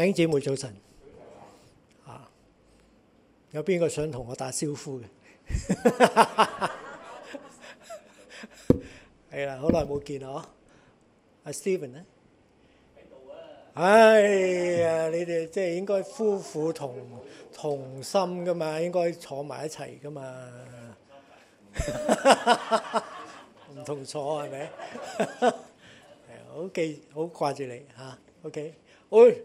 弟兄姊妹早晨，啊，有邊個想同我打招呼嘅？係啦，好耐冇見嗬。阿 Steven 咧，喺度啊！哎呀，你哋即係應該夫婦同同心噶嘛，應該坐埋一齊噶嘛。唔同坐係咪？係好記，好掛住你吓。OK，喂。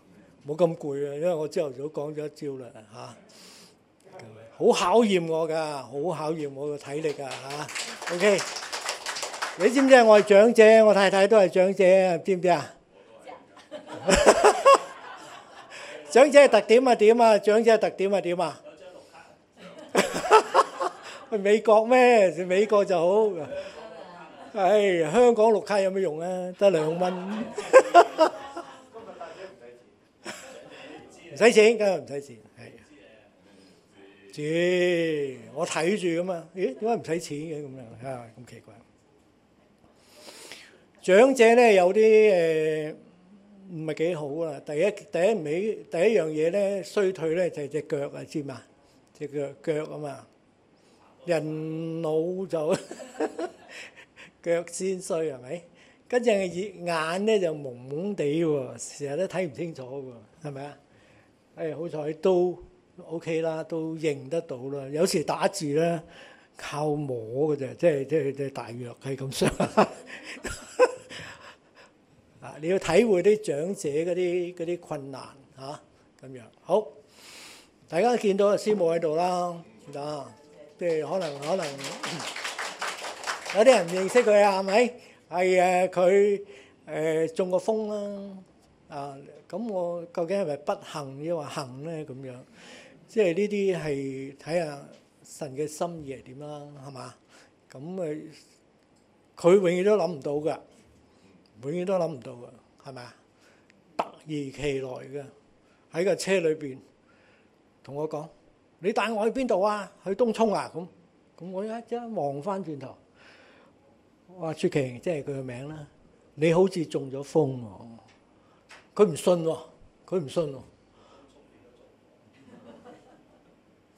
冇咁攰啊，因為我朝頭早講咗一招啦嚇，好考驗我㗎，好考驗我嘅體力啊嚇。OK，你知唔知係我係長者，我太太都係長者，知唔知啊？長者特點係點啊？長者特點係點啊？去美國咩？美國就好。唉，香港綠卡有咩用啊？得兩蚊。唔使錢，梗係唔使錢係。住我睇住咁嘛，咦，點解唔使錢嘅咁樣啊？咁奇怪。長者咧有啲誒唔係幾好啊。第一第一尾第，第一樣嘢咧衰退咧就係隻腳啊，知嘛？隻腳腳啊嘛。人老就 腳先衰係咪？跟住眼咧就蒙蒙地喎，成日都睇唔清楚喎，係咪啊？誒、哎、好彩都 OK 啦，都認得到啦。有時打字咧靠摸嘅啫，即係即係即係大約係咁上。啊，你要體會啲長者嗰啲啲困難嚇咁樣。好，大家見到師母喺度啦，啊，即係可能可能、嗯、有啲人認識佢啊，係咪、嗯？係啊，佢誒、呃、中過風啦、啊。嗯啊，咁我究竟係咪不，不幸抑或幸咧？咁樣，即係呢啲係睇下神嘅心意係點啦，係嘛？咁誒，佢永遠都諗唔到嘅，永遠都諗唔到嘅，係咪啊？突如其來嘅喺個車裏邊同我講：你帶我去邊度啊？去東涌啊？咁咁，我一即望翻轉頭，哇！出奇即係佢嘅名啦，你好似中咗風喎！佢唔信喎、啊，佢唔信喎、啊，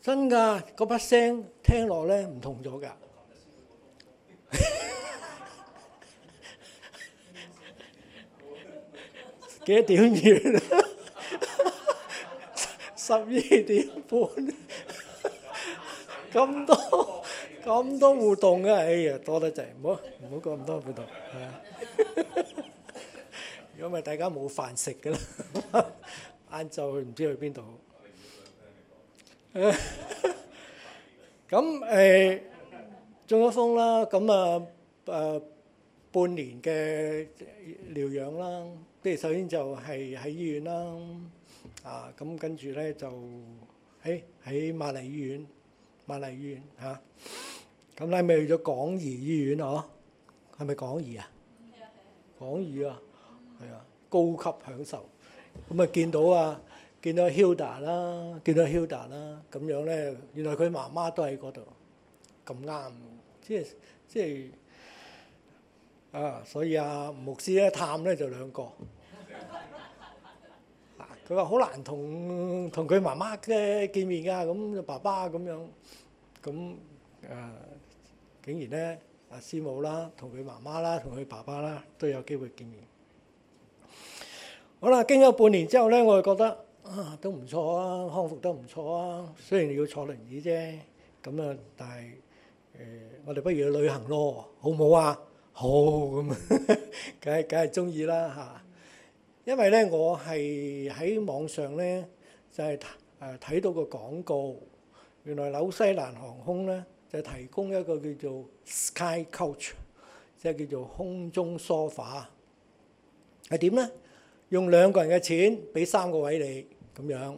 真㗎、啊，嗰把聲聽落咧唔同咗㗎， 幾點完？十 二點半，咁 多咁多互動嘅，哎呀多得滯，唔好唔好講咁多互動，係啊。咁咪大家冇飯食嘅啦！晏晝去唔知去邊度？咁誒中咗風啦，咁啊誒半年嘅療養啦。即係首先就係喺醫院啦，啊咁跟住咧就喺喺瑪麗醫院，瑪麗醫院嚇。咁咧咪去咗廣怡醫院哦？係咪廣怡啊？廣怡啊！係啊，高級享受咁啊！見到啊，見到 Hilda 啦，見到 Hilda 啦，咁樣咧，原來佢媽媽都喺嗰度，咁啱即係即係啊！所以啊，牧師咧探咧就兩個嗱，佢話好難同同佢媽媽咧見面㗎，咁爸爸咁樣咁啊，竟然咧阿師母啦，同佢媽媽啦，同佢爸爸啦都有機會見面。好啦，經過半年之後咧，我就覺得啊，都唔錯啊，康復得唔錯啊。雖然要坐輪椅啫，咁啊，但係誒，我哋不如去旅行咯，好唔好啊？好，咁，梗係梗係中意啦嚇。因為咧，我係喺網上咧就係誒睇到個廣告，原來紐西蘭航空咧就提供一個叫做 Sky Coach，即係叫做空中梳化，係點咧？用兩個人嘅錢俾三個位你咁樣，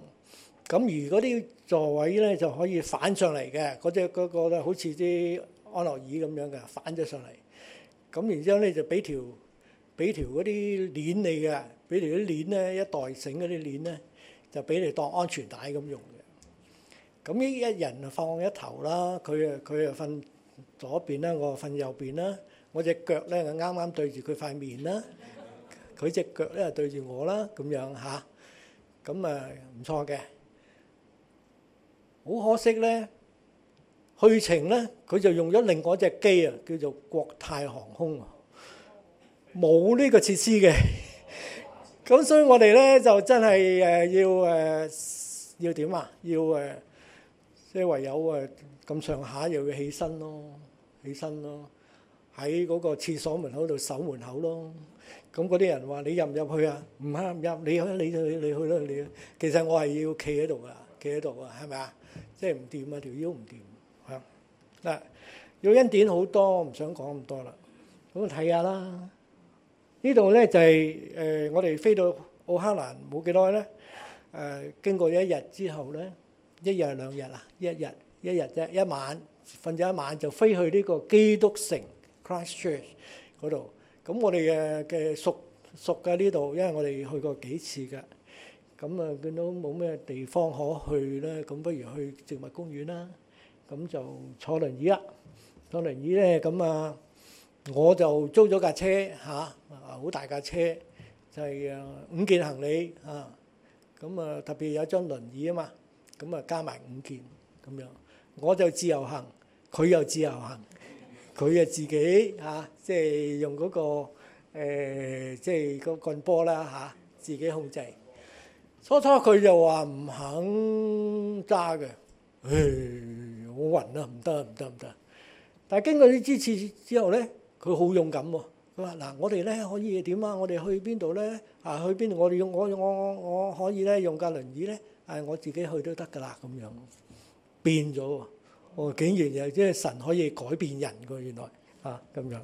咁而嗰啲座位咧就可以反上嚟嘅，嗰隻嗰個咧、那個那個、好似啲安樂椅咁樣嘅，反咗上嚟。咁然之後咧就俾條俾條嗰啲鏈你嘅，俾條啲鏈咧一袋繩嗰啲鏈咧就俾你當安全帶咁用嘅。咁呢一人放一頭啦，佢啊佢啊瞓左邊啦，我瞓右邊啦，我隻腳咧就啱啱對住佢塊面啦。佢隻腳咧對住我啦，咁樣吓，咁啊唔錯嘅。好可惜咧，去程咧佢就用咗另外一隻機啊，叫做國泰航空啊，冇呢個設施嘅。咁 所以我哋咧就真係誒要誒要點啊？要誒即係唯有誒咁上下又要起身咯，起身咯。喺嗰個廁所門口度守門口咯。咁嗰啲人話：你入唔入去啊？唔啱唔入。你去你去你去啦！你其實我係要企喺度噶，企喺度啊，係咪啊？即係唔掂啊，條腰唔掂嚇嗱。有恩典好多，唔想講咁多啦。咁我睇下啦。呢度咧就係誒，我哋飛到奧克蘭冇幾耐咧。誒，經過一日之後咧，一日兩日啊，一日一日啫，一晚瞓咗一晚就飛去呢個基督城。Christchurch 嗰度，咁我哋嘅嘅熟熟嘅呢度，因為我哋去過幾次㗎，咁啊見到冇咩地方可去啦，咁不如去植物公園啦，咁就坐輪椅啦，坐輪椅咧，咁啊我就租咗架車吓，啊好大架車，就係啊五件行李啊，咁啊特別有張輪椅啊嘛，咁啊加埋五件咁樣，我就自由行，佢又自由行。佢啊自己嚇、啊即係嗰個呃，即係用嗰個即係個棍波啦嚇，自己控制。初初佢就話唔肯揸嘅，唉、哎，好暈啦，唔得唔得唔得。但係經過呢支持之後咧，佢好勇敢喎。佢話嗱，我哋咧可以點啊？我哋去邊度咧？啊，去邊度？我哋用我我我我可以咧用架輪椅咧，誒我自己去都得㗎啦咁樣變，變咗喎。我竟然又即係神可以改變人㗎，原來啊咁樣。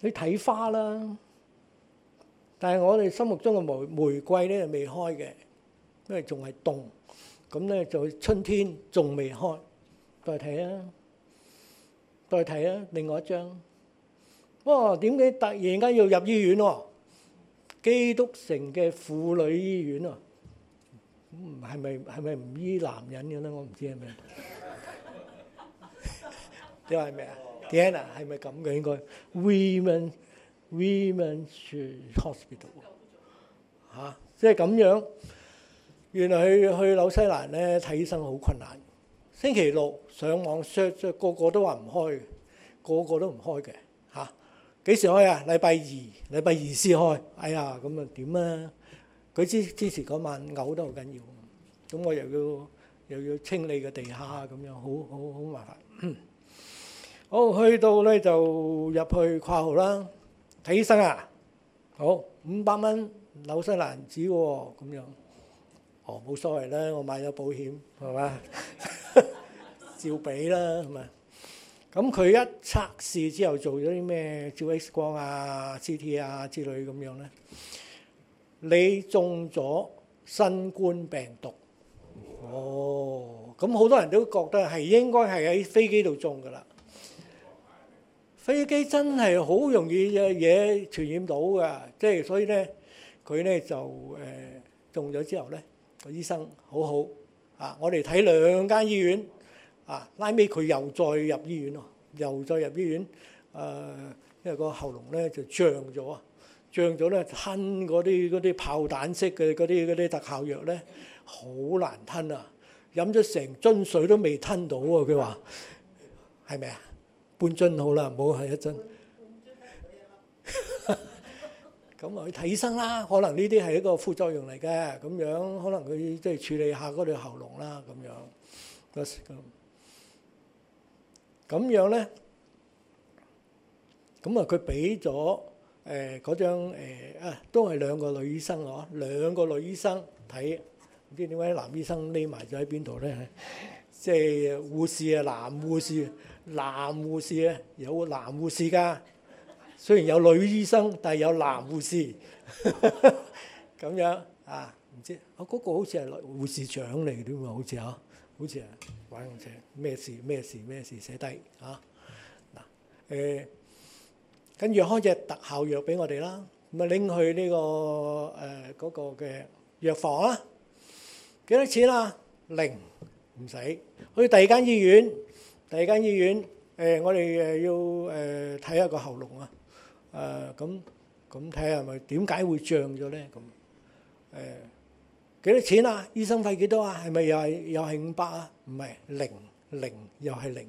你睇花啦，但係我哋心目中嘅玫玫瑰咧係未開嘅，因為仲係凍，咁咧就春天仲未開。再睇啊，再睇啊，另外一張。哇！點解突然間要入醫院喎？基督城嘅婦女醫院啊！咁係咪係咪唔醫男人嘅咧？我唔知係咪。你話係咩啊？Diana？係咪咁嘅應該？Women, women’s hospital。嚇！即係咁樣。原來去去紐西蘭咧睇醫生好困難。星期六上網 search，個個都話唔開嘅，個個都唔開嘅。嚇！幾時開啊？禮拜二，禮拜二先開。哎呀，咁啊點啊？佢之之前嗰晚嘔都好緊要，咁我又要又要清理個地下啊，咁樣好好好麻煩。 好，去到咧就入去掛號啦，睇醫生啊，好，五百蚊紐西蘭紙喎，啊，咁樣哦冇所謂啦，我買咗保險係嘛， 照俾啦係咪？咁佢一測試之後做咗啲咩？照 X 光啊、CT 啊之類咁樣咧。你中咗新冠病毒，哦，咁好多人都覺得係應該係喺飛機度中噶啦。飛機真係好容易嘢傳染到㗎，即係所以咧，佢咧就誒中咗之後咧，個醫生好好啊。我哋睇兩間醫院啊，拉尾佢又再入醫院咯，又再入醫院，誒，因為個喉嚨咧就脹咗啊。脹咗咧，吞嗰啲嗰啲炮彈式嘅嗰啲嗰啲特效藥咧，好難吞啊！飲咗成樽水都未吞到啊！佢話係咪啊？半樽好啦，唔好係一樽。咁啊，去睇醫生啦，可能呢啲係一個副作用嚟嘅，咁樣可能佢即係處理下嗰條喉嚨啦，咁樣。咁樣咧，咁啊，佢俾咗。誒，嗰張誒啊，都係兩個女醫生嗬，兩個女醫生睇，唔知點解男醫生匿埋咗喺邊度咧？即係護士啊，男護士，男護士啊，有男護士噶。雖然有女醫生，但係有男護士咁樣啊。唔知啊，嗰個好似係護士長嚟啲喎，好似嗬，好似啊，揾我請咩事咩事咩事寫低嚇嗱誒。跟住開隻特效藥俾我哋啦，咪拎去呢個誒嗰個嘅藥房啦。幾多錢啊？零，唔使去第二間醫院，第二間醫院誒，我哋誒要誒睇下個喉嚨啊。誒咁咁睇下咪點解會漲咗咧？咁誒幾多錢啊？醫生費幾多啊？係咪又係又係五百啊？唔係零零，又係零，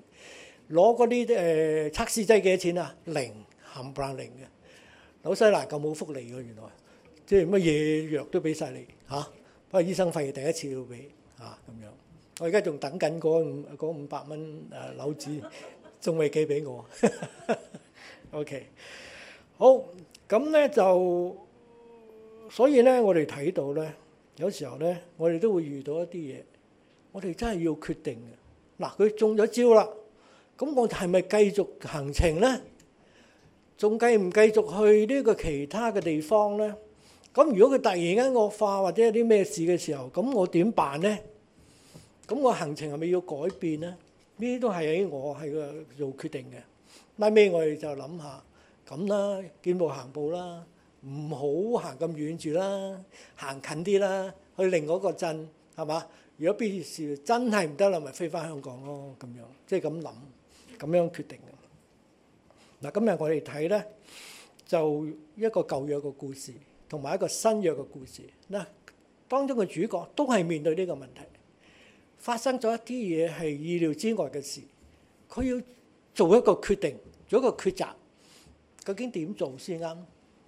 攞嗰啲誒測試劑幾多錢啊？零。冧嘅，紐西蘭咁冇福利嘅，原來，即係乜嘢藥都俾晒你嚇，不、啊、過醫生費第一次要俾嚇咁樣。我而家仲等緊嗰五五百蚊誒樓子，仲未寄俾我。 OK，好咁咧就，所以咧我哋睇到咧，有時候咧我哋都會遇到一啲嘢，我哋真係要決定嘅。嗱、啊，佢中咗招啦，咁我係咪繼續行程咧？仲繼唔繼續去呢個其他嘅地方咧？咁如果佢突然間惡化或者有啲咩事嘅時候，咁我點辦咧？咁我行程係咪要改變咧？呢啲都係喺我喺度做決定嘅。拉尾我哋就諗下咁啦，見步行步啦，唔好行咁遠住啦，行近啲啦，去另外一個鎮係嘛？如果必要時真係唔得啦，咪飛翻香港咯，咁樣即係咁諗，咁樣決定嘅。嗱，今日我哋睇咧，就一個舊約嘅故事，同埋一個新約嘅故事。嗱，當中嘅主角都係面對呢個問題，發生咗一啲嘢係意料之外嘅事，佢要做一個決定，做一個抉擇，究竟點做先啱？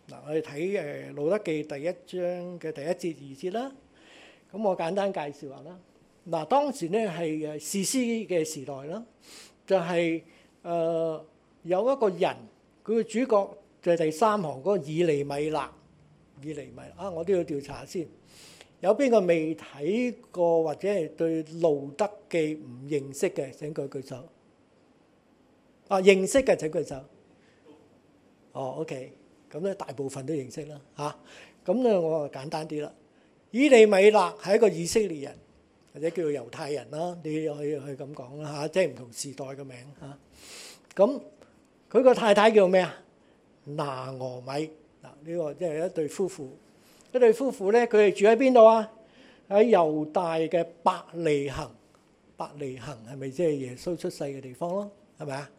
嗱，我哋睇誒《路得記》第一章嘅第一節二節啦。咁我簡單介紹下啦。嗱，當時咧係誒士師嘅時代啦，就係誒。有一個人，佢嘅主角就係第三行嗰個以利米勒，以利米啊！我都要調查先。有邊個未睇過或者係對路得記唔認識嘅？請舉舉手。啊，認識嘅請舉手。哦，OK，咁咧大部分都認識啦。嚇、啊，咁咧我就簡單啲啦。以利米勒係一個以色列人，或者叫做猶太人啦，你又可以去咁講啦吓，即係唔同時代嘅名嚇。咁、啊。佢個太太叫咩啊？拿俄米嗱，呢、這個即係一對夫婦，一對夫婦咧，佢哋住喺邊度啊？喺猶大嘅伯利恆。伯利恆係咪即係耶穌出世嘅地方咯？係咪、呃、啊？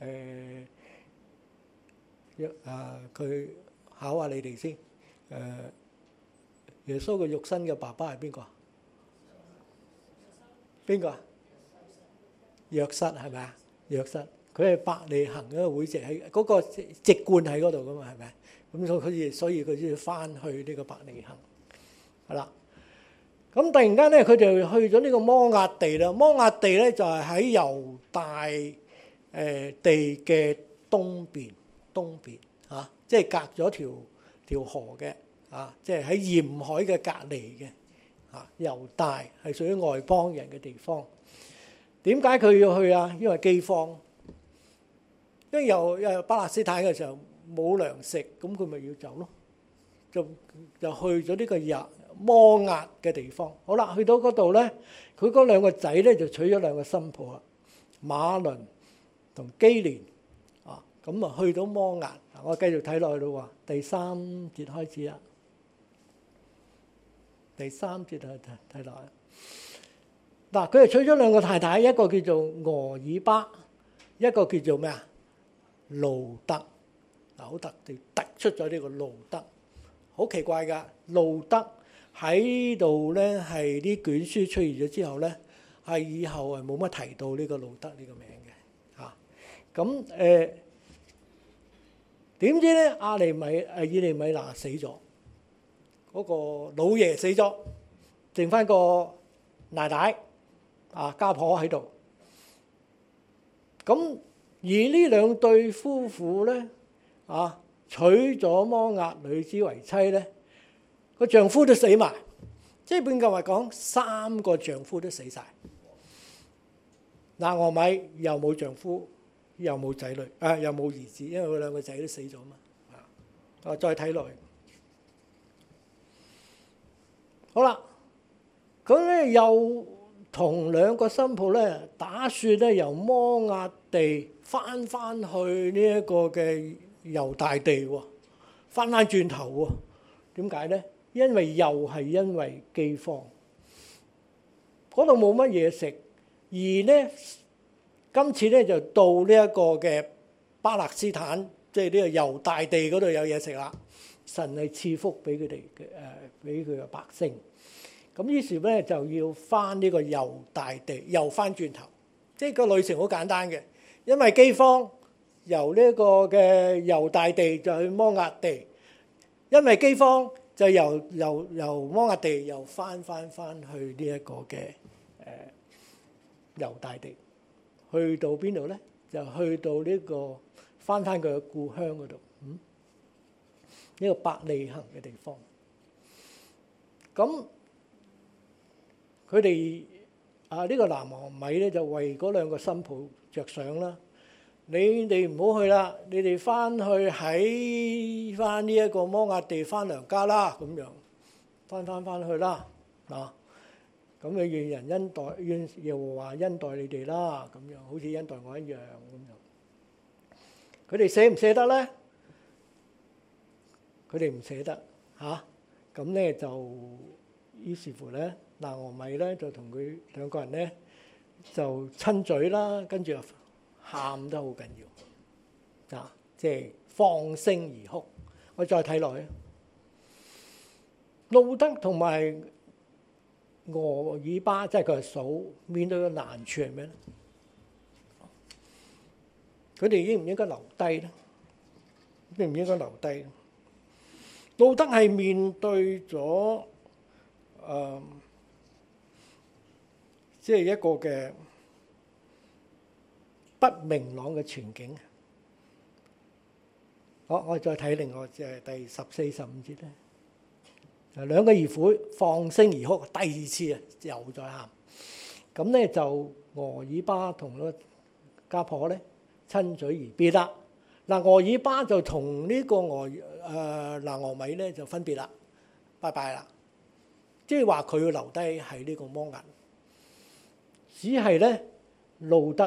誒，約啊，佢考下你哋先。誒、呃，耶穌嘅肉身嘅爸爸係邊個？邊個？約瑟係咪啊？約瑟。佢係伯利恆嗰個會籍喺嗰個籍貫喺嗰度㗎嘛，係咪？咁所以所以佢要翻去呢個伯利恆，係啦。咁突然間咧，佢就去咗呢個摩押地啦。摩押地咧就係喺猶大誒地嘅東邊，東邊啊，即係隔咗條條河嘅啊，即係喺鹽海嘅隔籬嘅啊。猶大係屬於外邦人嘅地方。點解佢要去啊？因為饑荒。因為由誒巴勒斯坦嘅時候冇糧食，咁佢咪要走咯，就就去咗呢個日摩押嘅地方。好啦，去到嗰度咧，佢嗰兩個仔咧就娶咗兩個新婦啊，馬倫同基連啊，咁啊去到摩押。我繼續睇落去喎，第三節開始啊，第三節啊睇落去啊。嗱，佢就娶咗兩個太太，一個叫做俄爾巴，一個叫做咩啊？路得嗱，好突出突出咗呢個路得，好奇怪噶。路得喺度咧，係啲卷書出現咗之後咧，係以後係冇乜提到呢個路得呢個名嘅嚇。咁誒點知咧？阿里米阿伊利米娜死咗，嗰個老爺死咗，剩翻個奶奶啊家婆喺度，咁。而呢兩對夫婦咧，啊娶咗摩押女子為妻咧，個丈夫都死埋，即係換句話講，三個丈夫都死晒。那、啊、俄米又冇丈夫，又冇仔女，誒、啊、又冇兒子，因為佢兩個仔都死咗嘛。啊，我再睇落去，好啦，佢咧又同兩個新抱咧打算咧由摩押地。翻翻去呢一個嘅猶大地喎，翻翻轉頭喎，點解咧？因為又係因為饑荒，嗰度冇乜嘢食，而咧今次咧就到呢一個嘅巴勒斯坦，即係呢個猶大地嗰度有嘢食啦。神係賜福俾佢哋嘅誒，俾佢嘅百姓。咁於是咧就要翻呢個猶大地，又翻轉頭，即係個旅程好簡單嘅。因為饑荒，由呢一個嘅猶大地就去摩押地，因為饑荒就由由由摩押地又返返返去呢一個嘅誒猶大地，去到邊度咧？就去到呢個返返佢嘅故鄉嗰度，嗯，呢個伯利恆嘅地方。咁佢哋啊，呢個拿俄米咧就為嗰兩個新抱着想啦！你哋唔好去啦，你哋翻去喺翻呢一個摩押地翻娘家啦，咁樣翻翻翻去啦，啊！咁嘅願人恩待願又話恩待你哋啦，咁樣好似恩待我一樣咁樣。佢哋捨唔捨得咧？佢哋唔捨得嚇。咁咧就於是乎咧，拿俄米咧就同佢兩個人咧。就親嘴啦，跟住又喊得好緊要，啊！即係放聲而哭。我再睇落去，路得同埋俄爾巴，即係佢嘅嫂面對嘅難處係咩咧？佢哋應唔應該留低咧？應唔應該留低？路得係面對咗誒。即係一個嘅不明朗嘅全景。好，我哋再睇另外即係第十四、十五節咧。兩個兒婦放聲而哭，第二次啊又再喊。咁咧就俄珥巴同個家婆咧親嘴而別啦。嗱，俄珥巴就同呢個俄誒嗱、呃、拿俄米咧就分別啦，拜拜啦。即係話佢要留低喺呢個摩押。只係咧，路得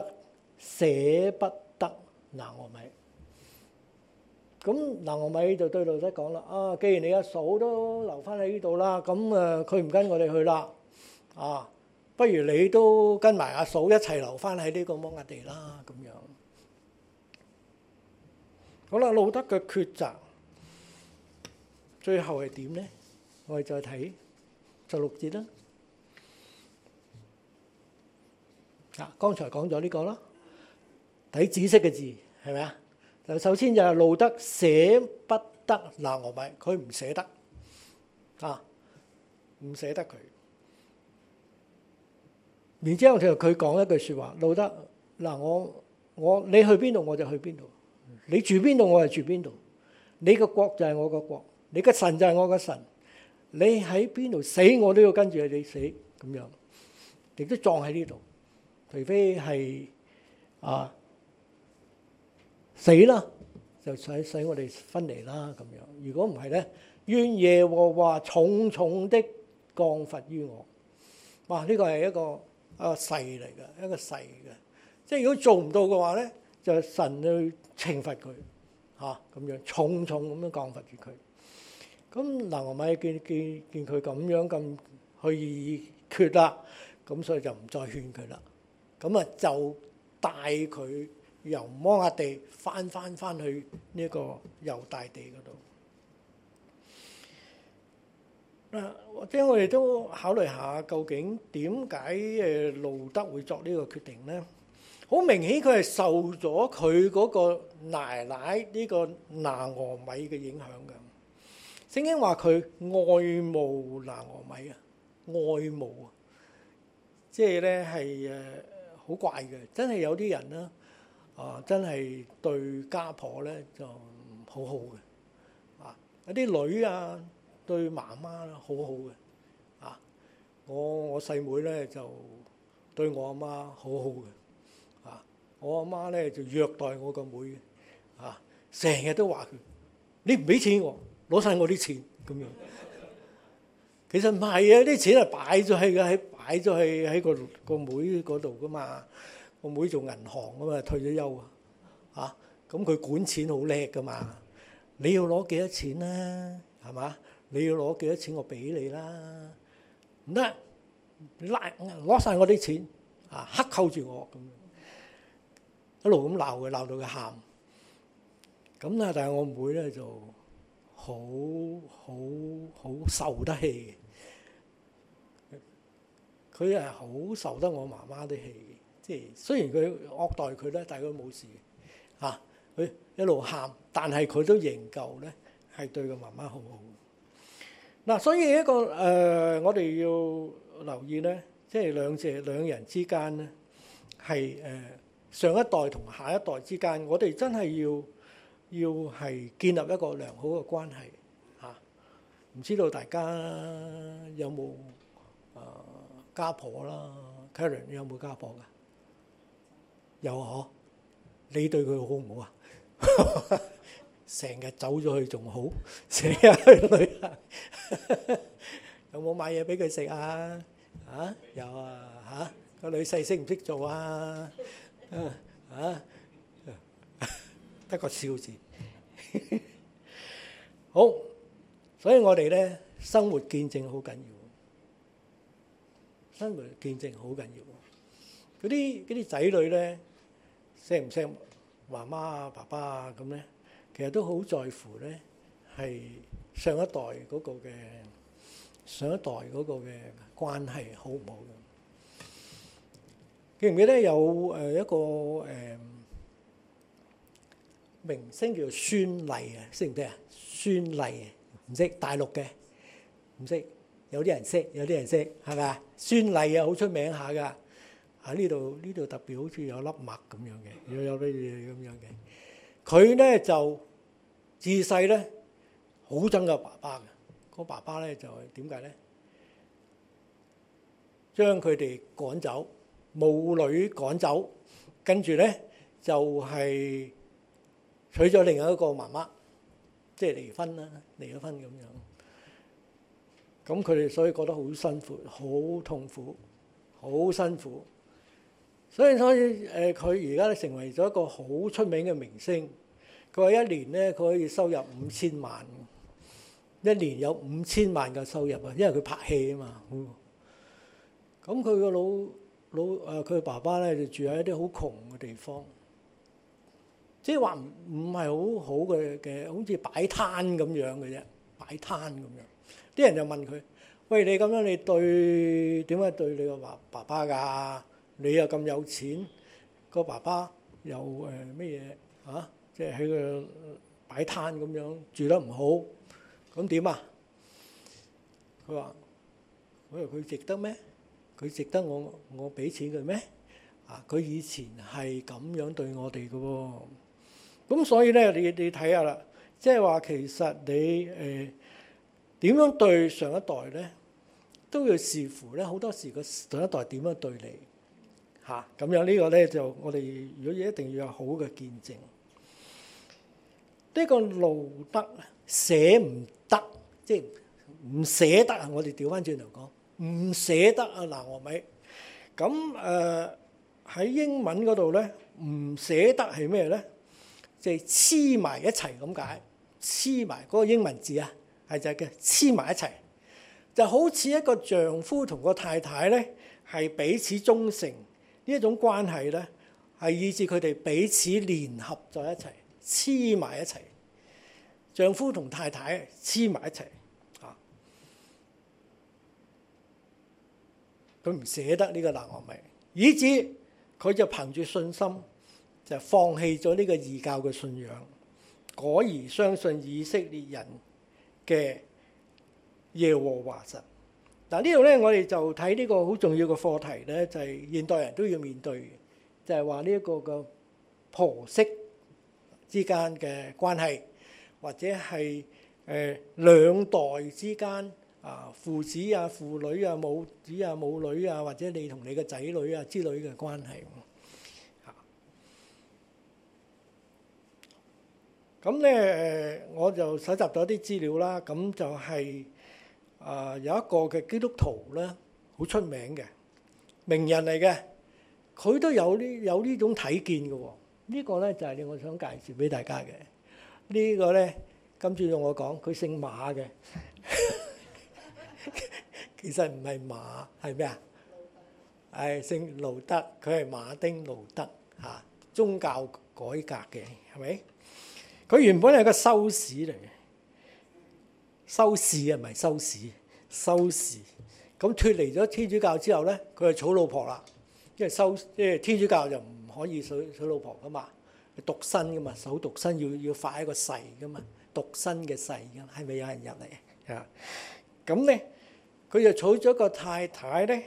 捨不得拿俄米。咁拿俄米就對路得講啦：啊，既然你阿嫂都留翻喺呢度啦，咁誒佢唔跟我哋去啦。啊，不如你都跟埋阿嫂一齊留翻喺呢個摩押地啦，咁樣。好啦，路得嘅抉擇最後係點咧？我哋再睇，就六節啦。啊！剛才講咗呢個啦，睇紫色嘅字係咪啊？首先就係路得捨不得拿俄米，佢唔捨得啊，唔捨得佢。然之後佢講一句説話：路得嗱，我我你去邊度我就去邊度，你住邊度我就住邊度，你個國就係我個國，你嘅神就係我嘅神，你喺邊度死我都要跟住你死咁樣，亦都葬喺呢度。除非係啊死啦，就使使我哋分離啦咁樣。如果唔係咧，願耶和華重重的降罰於我。哇！呢個係一個啊誓嚟嘅，一個誓嘅。即係如果做唔到嘅話咧，就是、神去懲罰佢嚇咁樣，重重咁、呃、樣降罰住佢。咁拿俄米見見見佢咁樣咁去決啦，咁所以就唔再勸佢啦。咁啊，就帶佢由摩亞地返返返去呢個猶大地嗰度。嗱，即係我哋都考慮下，究竟點解誒路得會作呢個決定咧？好明顯，佢係受咗佢嗰個奶奶呢個拿俄米嘅影響嘅。聖經話佢愛慕拿俄米啊，愛慕啊，即係咧係誒。好怪嘅，真係有啲人咧，啊，真係對家婆咧就好好嘅，啊，一、啊、啲女啊對媽媽好好嘅，啊，我我細妹咧就對我阿媽媽好好嘅，啊，我阿媽咧就虐待我個妹嘅，啊，成日都話佢，你唔俾錢我，攞晒我啲錢咁樣，其實唔係啊，啲錢係擺咗係嘅。喺咗喺個個妹嗰度噶嘛，個妹做銀行啊嘛，退咗休啊，嚇咁佢管錢好叻噶嘛，你要攞幾多錢咧？係嘛？你要攞幾多錢，我俾你啦。唔得，拉攞晒我啲錢啊！克扣住我咁樣，一路咁鬧佢，鬧到佢喊。咁咧，但係我妹咧就好好好受得氣嘅。佢係好受得我媽媽啲氣，即係雖然佢惡待佢咧，但係佢冇事嚇。佢一路喊，但係佢都仍舊咧係對個媽媽好好。嗱，所以一個誒，我哋要留意咧，即係兩者兩人之間咧，係誒上一代同下一代之間，我哋真係要要係建立一個良好嘅關係嚇。唔知道大家有冇？家婆啦，Karen，你有冇家婆㗎？有啊，嗬！你對佢好唔好啊？成日走咗去仲好，成日去旅行，有冇買嘢俾佢食啊？啊，有啊，吓，個女婿識唔識做啊？啊，吓得個笑字，好，所以我哋咧生活見證好緊要。生活見證好緊要，嗰啲啲仔女咧識唔識媽媽啊、爸爸啊咁咧，其實都好在乎咧，係上一代嗰個嘅上一代嗰個嘅關係好唔好嘅？記唔記得有誒一個誒明星叫孫儷啊？識唔識啊？孫儷唔識，大陸嘅，唔識。有啲人識，有啲人識，係咪啊？孫儷啊，好出名下㗎。喺呢度，呢度特別好似有粒癦咁樣嘅，有有啲嘢咁樣嘅。佢咧就自細咧好憎個爸爸嘅，個爸爸咧就點解咧？將佢哋趕走，母女趕走，跟住咧就係、是、娶咗另一個媽媽，即係離婚啦，離咗婚咁樣。咁佢哋所以覺得好辛苦、好痛苦、好辛苦，所以所以誒，佢而家咧成為咗一個好出名嘅明星。佢話一年咧，佢可以收入五千萬，一年有五千萬嘅收入啊！因為佢拍戲啊嘛。咁佢個老老誒佢、呃、爸爸咧就住喺一啲好窮嘅地方，即係話唔唔係好好嘅嘅，好似擺攤咁樣嘅啫，擺攤咁樣。啲人就問佢：喂，你咁樣你對點解對你個爸爸㗎？你又咁有錢，個爸爸又誒咩嘢？嚇、呃，即係喺佢擺攤咁樣住得唔好，咁點啊？佢話：喂，佢值得咩？佢值得我我俾錢佢咩？啊，佢以前係咁樣對我哋嘅喎。咁所以咧，你你睇下啦，即係話其實你誒。呃點樣對上一代咧，都要視乎咧好多時個上一代點樣對你嚇，咁樣這個呢個咧，就我哋如果一定要有好嘅見證，呢、這個路得」啊，捨唔得，即係唔捨，捨得啊！我哋調翻轉頭講，唔、呃、捨得啊！嗱、就是，我咪咁誒喺英文嗰度咧，唔捨得係咩咧？即係黐埋一齊咁解，黐埋嗰個英文字啊！係就係嘅黐埋一齊，就好似一個丈夫同個太太咧，係彼此忠誠呢一種關係咧，係以至佢哋彼此聯合在一齊，黐埋一齊。丈夫同太太黐埋一齊，啊，佢唔捨得呢個拿俄米，以至佢就憑住信心就放棄咗呢個異教嘅信仰，果然相信以色列人。嘅耶和華神，嗱呢度咧我哋就睇呢個好重要嘅課題咧，就係現代人都要面對嘅，就係話呢一個嘅婆媳之間嘅關係，或者係誒兩代之間啊，父子啊、父女啊、母子啊、母女啊，或者你同你嘅仔女啊之類嘅關係。咁咧，我就搜集咗啲資料啦。咁就係啊，有一個嘅基督徒咧，好出名嘅名人嚟嘅，佢都有呢有呢種睇見嘅喎。呢個咧就係我想介紹俾大家嘅。呢個咧今次用我講，佢姓馬嘅，其實唔係馬，係咩啊？係姓路德，佢係馬丁路德嚇宗教改革嘅，係咪？佢原本係個修士嚟，嘅，修士係咪修士？修士咁脫離咗天主教之後咧，佢就娶老婆啦，因為修即係天主教就唔可以娶娶老婆噶嘛，獨身噶嘛，守獨身要要發一個誓噶嘛，獨身嘅誓噶，係咪有人入嚟啊？咁 咧，佢就娶咗個太太咧，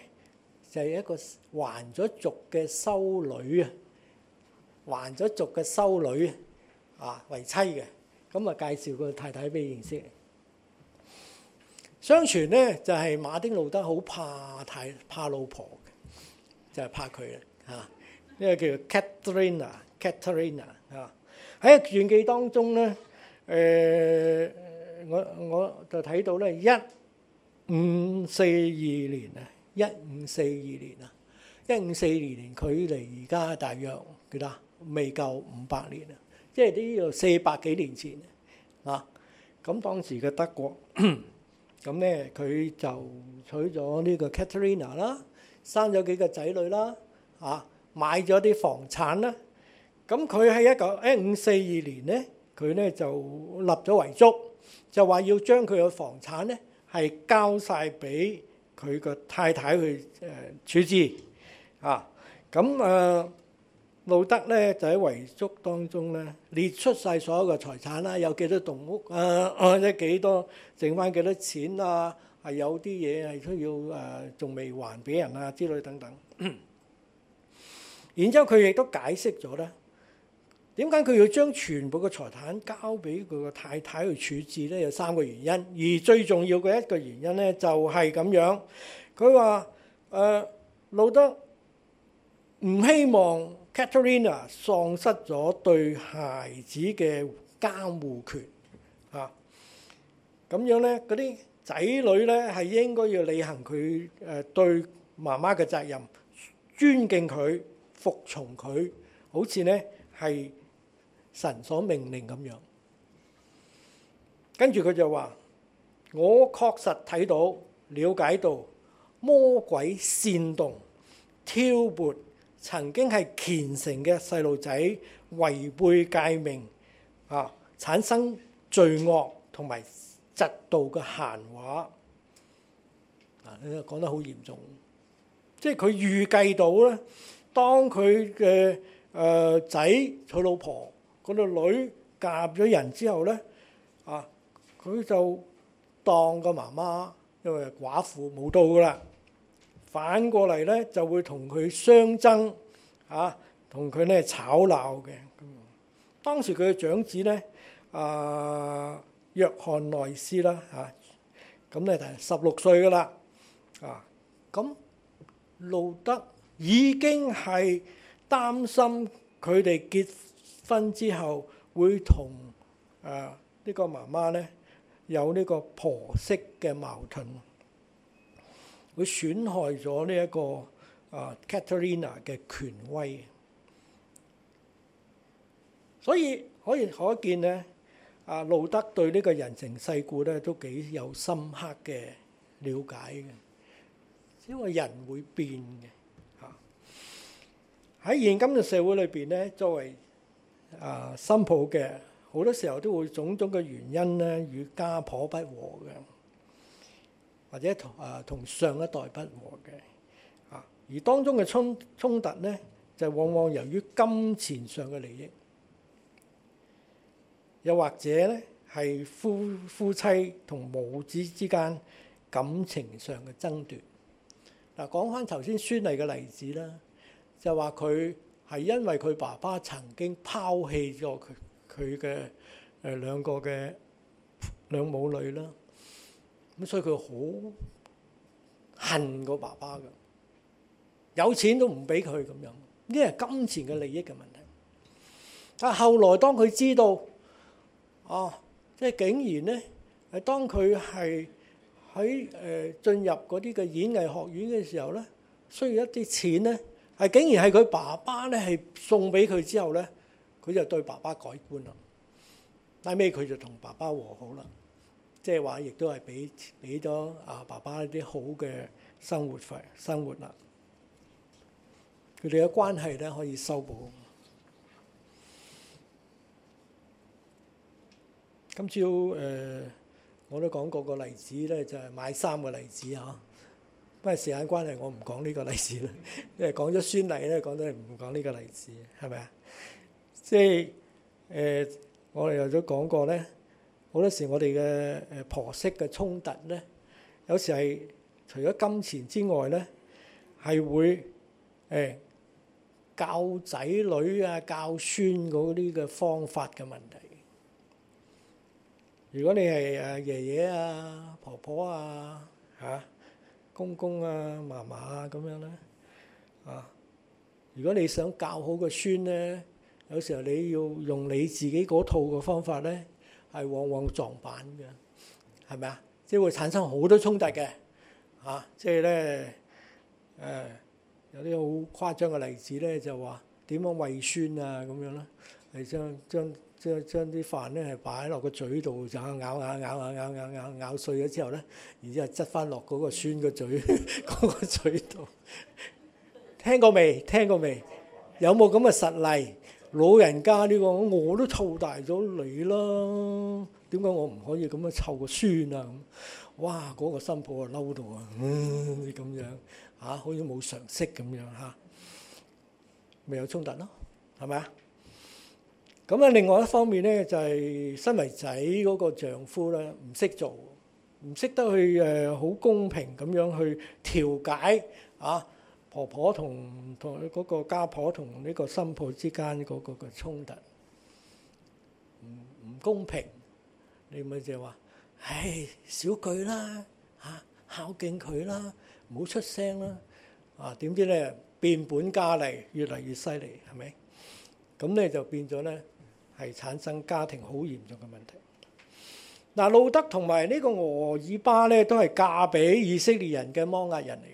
就係、是、一個還咗俗嘅修女啊，還咗俗嘅修女啊。啊，為妻嘅，咁啊介紹個太太俾認識。相傳咧就係、是、馬丁路德好怕太怕老婆，就係、是、怕佢啊。呢個叫做 Catherine Catherine 啊。喺傳記當中咧，誒我我就睇到咧一五四二年啊，一五四二年啊，一五四二年距離而家大約幾多啊？未夠五百年啊。即係呢度四百幾年前啊，咁當時嘅德國，咁咧佢就娶咗呢個 Catherine 啦，生咗幾個仔女啦，啊，買咗啲房產啦，咁佢喺一個一五四二年咧，佢咧就立咗遺囑，就話要將佢嘅房產咧係交晒俾佢個太太去誒處置啊，咁、啊、誒。啊路德咧就喺遺囑當中咧列出曬所有嘅財產啦，有幾多棟屋啊，或者幾多剩翻幾多錢啊，係有啲嘢係都要誒，仲、呃、未還俾人啊之類等等。 然之後佢亦都解釋咗咧，點解佢要將全部嘅財產交俾佢個太太去處置咧？有三個原因，而最重要嘅一個原因咧就係、是、咁樣，佢話誒路德唔希望。Caterina 喪失咗對孩子嘅監護權，嚇咁樣咧，嗰啲仔女咧係應該要履行佢誒對媽媽嘅責任，尊敬佢、服從佢，好似咧係神所命令咁樣。跟住佢就話：我確實睇到、瞭解到魔鬼煽動、挑撥。曾經係虔誠嘅細路仔違背誡命啊，產生罪惡同埋嫉妒嘅閒話啊，呢個講得好嚴重。即係佢預計到咧，當佢嘅誒仔娶老婆嗰個、那個、女嫁咗人之後咧，啊，佢就當個媽媽，因為寡婦冇到噶啦。反過嚟咧，就會同佢相爭，嚇、啊，同佢咧吵鬧嘅。當時佢嘅長子咧，啊，約翰內斯啦，嚇，咁咧就十六歲噶啦，啊，咁、嗯、路、啊啊、德已經係擔心佢哋結婚之後會同啊呢、呢個媽媽咧有呢個婆媳嘅矛盾。會損害咗呢一個啊 Caterina 嘅權威，所以可以可見咧，啊路得對呢個人情世故咧都幾有深刻嘅了解嘅，因為人會變嘅嚇。喺現今嘅社會裏邊咧，作為啊新抱嘅好多時候都會種種嘅原因咧與家婆不和嘅。或者同啊同上一代不和嘅啊，而當中嘅衝衝突咧，就往往由於金錢上嘅利益，又或者咧係夫夫妻同母子之間感情上嘅爭奪。嗱、啊，講翻頭先孫麗嘅例子啦，就話佢係因為佢爸爸曾經拋棄咗佢佢嘅誒兩個嘅兩母女啦。咁所以佢好恨個爸爸噶，有錢都唔俾佢咁樣，呢係金錢嘅利益嘅問題。但係後來當佢知道，哦、啊，即係竟然咧，係當佢係喺誒進入嗰啲嘅演藝學院嘅時候咧，需要一啲錢咧，係竟然係佢爸爸咧係送俾佢之後咧，佢就對爸爸改觀啦。但尾佢就同爸爸和好啦。即係話，亦都係俾俾咗啊爸爸啲好嘅生活費生活啦。佢哋嘅關係咧可以修補。今朝誒、呃，我都講過個例子咧，就係、是、買衫嘅例子啊。不過時間關係，我唔講呢個例子啦。因 為講咗孫儷咧，講都係唔講呢個例子，係咪啊？即係誒、呃，我哋又都講過咧。好多時我哋嘅誒婆媳嘅衝突咧，有時係除咗金錢之外咧，係會誒、欸、教仔女啊、教孫嗰啲嘅方法嘅問題。如果你係誒爺爺啊、婆婆啊、嚇、啊、公公啊、嫲嫲啊咁樣咧，啊，如果你想教好個孫咧，有時候你要用你自己嗰套嘅方法咧。係往往撞板嘅，係咪啊？即係會產生好多衝突嘅，嚇！即係咧，誒，有啲好誇張嘅例子咧，就話、是、點樣餵孫啊咁樣啦，係將將將將啲飯咧係擺喺落個嘴度，就咬咬咬咬咬咬咬碎咗之後咧，然之後執翻落嗰個孫個嘴嗰個嘴度。聽過未？聽過未？有冇咁嘅實例？老人家呢個，我都湊大咗你啦，點解我唔可以咁樣湊個孫啊？哇！嗰個新抱啊嬲到啊，咁樣嚇，好似冇常識咁樣嚇，咪有衝突咯，係咪啊？咁咧，另外一方面咧，就係身為仔嗰個丈夫咧，唔識做，唔識得去誒好公平咁樣去調解啊。婆婆同同嗰個家婆同呢個新抱之間嗰個嘅衝突唔唔公平，你咪就話：唉，少佢啦，嚇孝敬佢啦，唔好出聲啦。啊，點知咧變本加厲，越嚟越犀利，係咪？咁咧就變咗咧，係產生家庭好嚴重嘅問題。嗱，路得同埋呢個俄爾巴咧，都係嫁俾以色列人嘅摩亞人嚟。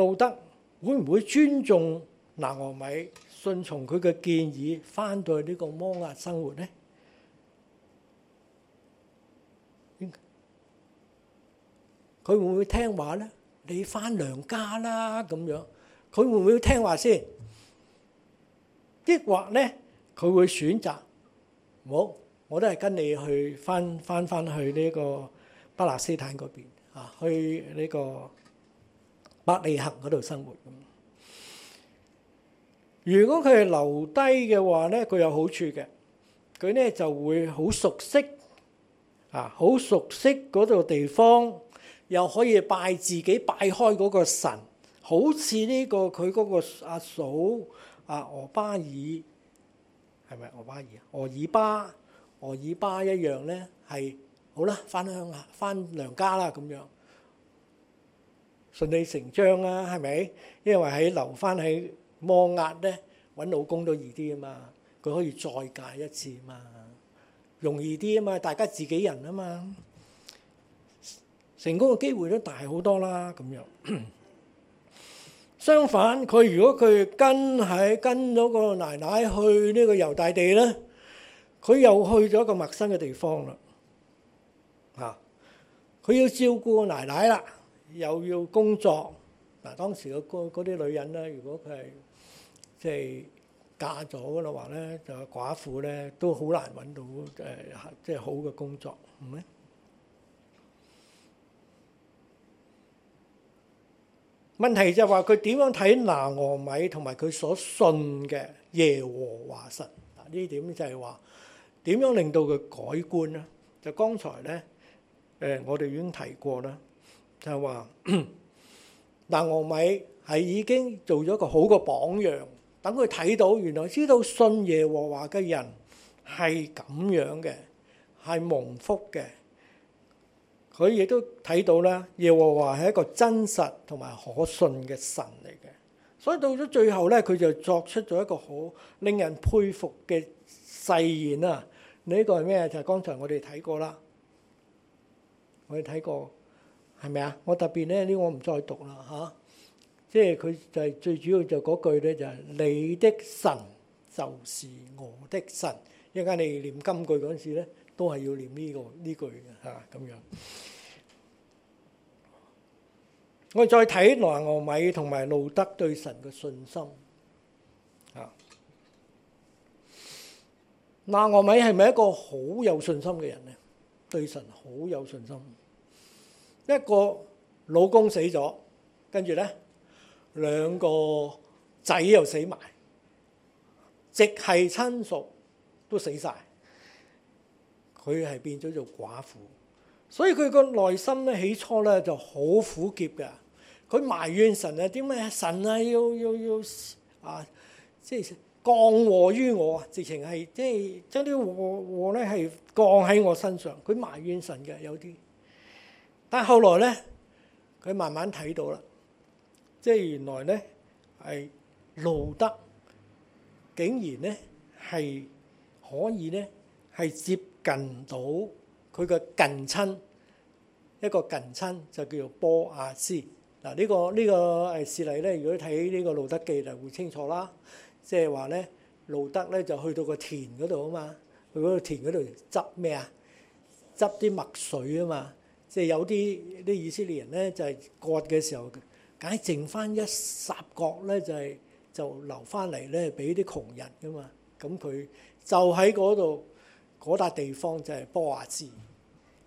路得會唔會尊重拿俄米，順從佢嘅建議翻到去呢個摩押生活咧？佢會唔會聽話咧？你翻娘家啦咁樣，佢會唔會聽話先？抑或咧，佢會選擇冇？我都係跟你去翻翻翻去呢、這個巴勒斯坦嗰邊啊，去呢、這個。巴利克嗰度生活。如果佢係留低嘅話呢，佢有好處嘅。佢呢就會好熟悉，啊，好熟悉嗰度地方，又可以拜自己拜開嗰個神。好似呢、呢個佢嗰個阿嫂阿、啊、俄巴爾，係咪俄巴爾啊？俄爾巴、俄爾巴一樣呢，係好啦，返鄉下、返娘家啦咁樣。順理成章啦，係咪？因為喺留翻返喺摩押咧，搵老公都易啲啊嘛，佢可以再嫁一次啊嘛，容易啲啊嘛，大家自己人啊嘛，成功嘅機會都大好多啦咁樣。相反，佢如果佢跟喺跟咗個奶奶去呢個猶大地咧，佢又去咗一個陌生嘅地方啦，嚇！佢要照顧奶奶啦。又要工作嗱，當時個嗰嗰啲女人咧，如果佢係即係嫁咗嘅話咧，就寡婦咧都好難揾到誒，即係好嘅工作，唔咧？問題就係話佢點樣睇拿俄米同埋佢所信嘅耶和華神？嗱，呢點就係話點樣令到佢改觀咧？就剛才咧，誒我哋已經提過啦。就係話，拿俄米係已經做咗一個好嘅榜樣，等佢睇到原來知道信耶和華嘅人係咁樣嘅，係蒙福嘅。佢亦都睇到啦，耶和華係一個真實同埋可信嘅神嚟嘅。所以到咗最後咧，佢就作出咗一個好令人佩服嘅誓言啊！呢個係咩？就係剛才我哋睇過啦，我哋睇過。係咪啊？我特別咧，呢我唔再讀啦嚇。即係佢就係最主要就嗰句咧，就係你的神就是我的神。一陣間你念金句嗰陣時咧，都係要念呢個呢句嚇咁樣。我哋再睇拿俄米同埋路得對神嘅信心嚇。拿俄米係咪一個好有信心嘅人咧？對神好有信心。一個老公死咗，跟住咧兩個仔又死埋，直系親屬都死晒，佢係變咗做寡婦，所以佢個內心咧起初咧就好苦澀嘅。佢埋怨神啊，點解神啊，要要要啊，即係降禍於我，直情係即係將啲禍禍咧係降喺我身上，佢埋怨神嘅有啲。但後來咧，佢慢慢睇到啦，即係原來咧係路得竟然咧係可以咧係接近到佢個近親一個近親就叫做波亞斯嗱、啊這個這個、呢個呢個誒事例咧，如果睇呢、這個路得記就會清楚啦，即係話咧路得咧就去到個田嗰度啊嘛，去嗰個田嗰度執咩啊？執啲麥穗啊嘛～即係有啲啲以色列人咧，就係、是、割嘅時候，梗係剩翻一剎角咧，就係、是、就留翻嚟咧俾啲窮人㗎嘛。咁佢就喺嗰度嗰笪地方就係波亞斯。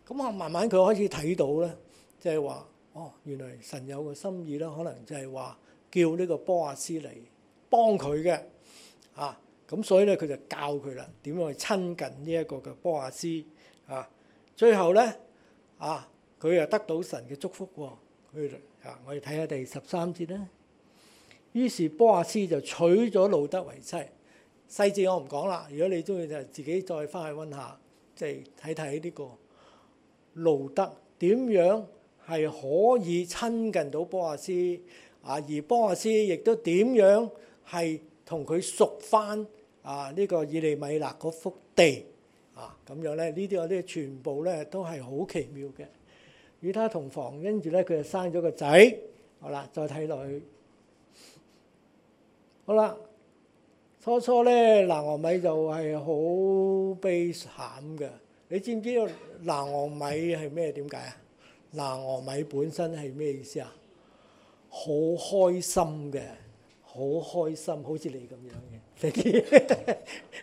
咁啊，慢慢佢開始睇到咧，就係、是、話哦，原來神有個心意啦，可能就係話叫呢個波亞斯嚟幫佢嘅啊。咁所以咧，佢就教佢啦，點樣去親近呢一個嘅波亞斯啊。最後咧啊～佢又得到神嘅祝福喎。佢啊，我哋睇下第十三節啦。於是波亞斯就娶咗路德為妻。細節我唔講啦。如果你中意，就自己再翻去温下，即係睇睇呢個路德點樣係可以親近到波亞斯啊，而波亞斯亦都點樣係同佢贖翻啊呢個以利米勒嗰幅地啊咁樣咧？呢啲我啲全部咧都係好奇妙嘅。與他同房，跟住咧佢就生咗個仔。好啦，再睇落去。好啦，初初咧拿俄米就係好悲慘嘅。你知唔知道拿俄米係咩點解啊？拿俄米本身係咩意思啊？好開心嘅，好開心，好似你咁樣嘅，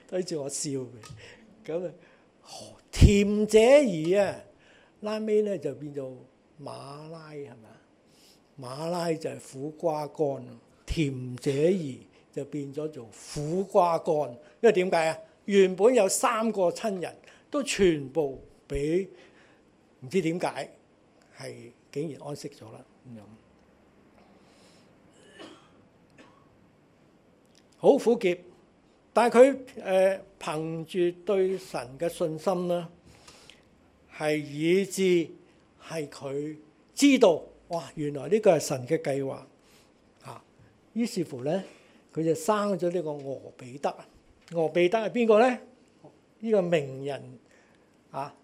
對住 我笑嘅。咁啊，甜姐兒啊！拉尾咧就變做馬拉係咪？馬拉就係苦瓜乾，甜姐兒就變咗做苦瓜乾。因為點解啊？原本有三個親人都全部俾唔知點解係竟然安息咗啦咁樣。好苦澀，但係佢誒憑住對神嘅信心咧。係以至係佢知道，哇！原來呢個係神嘅計劃啊！於是乎咧，佢就生咗呢個俄比德。俄比德係邊個咧？呢、這個名人啊，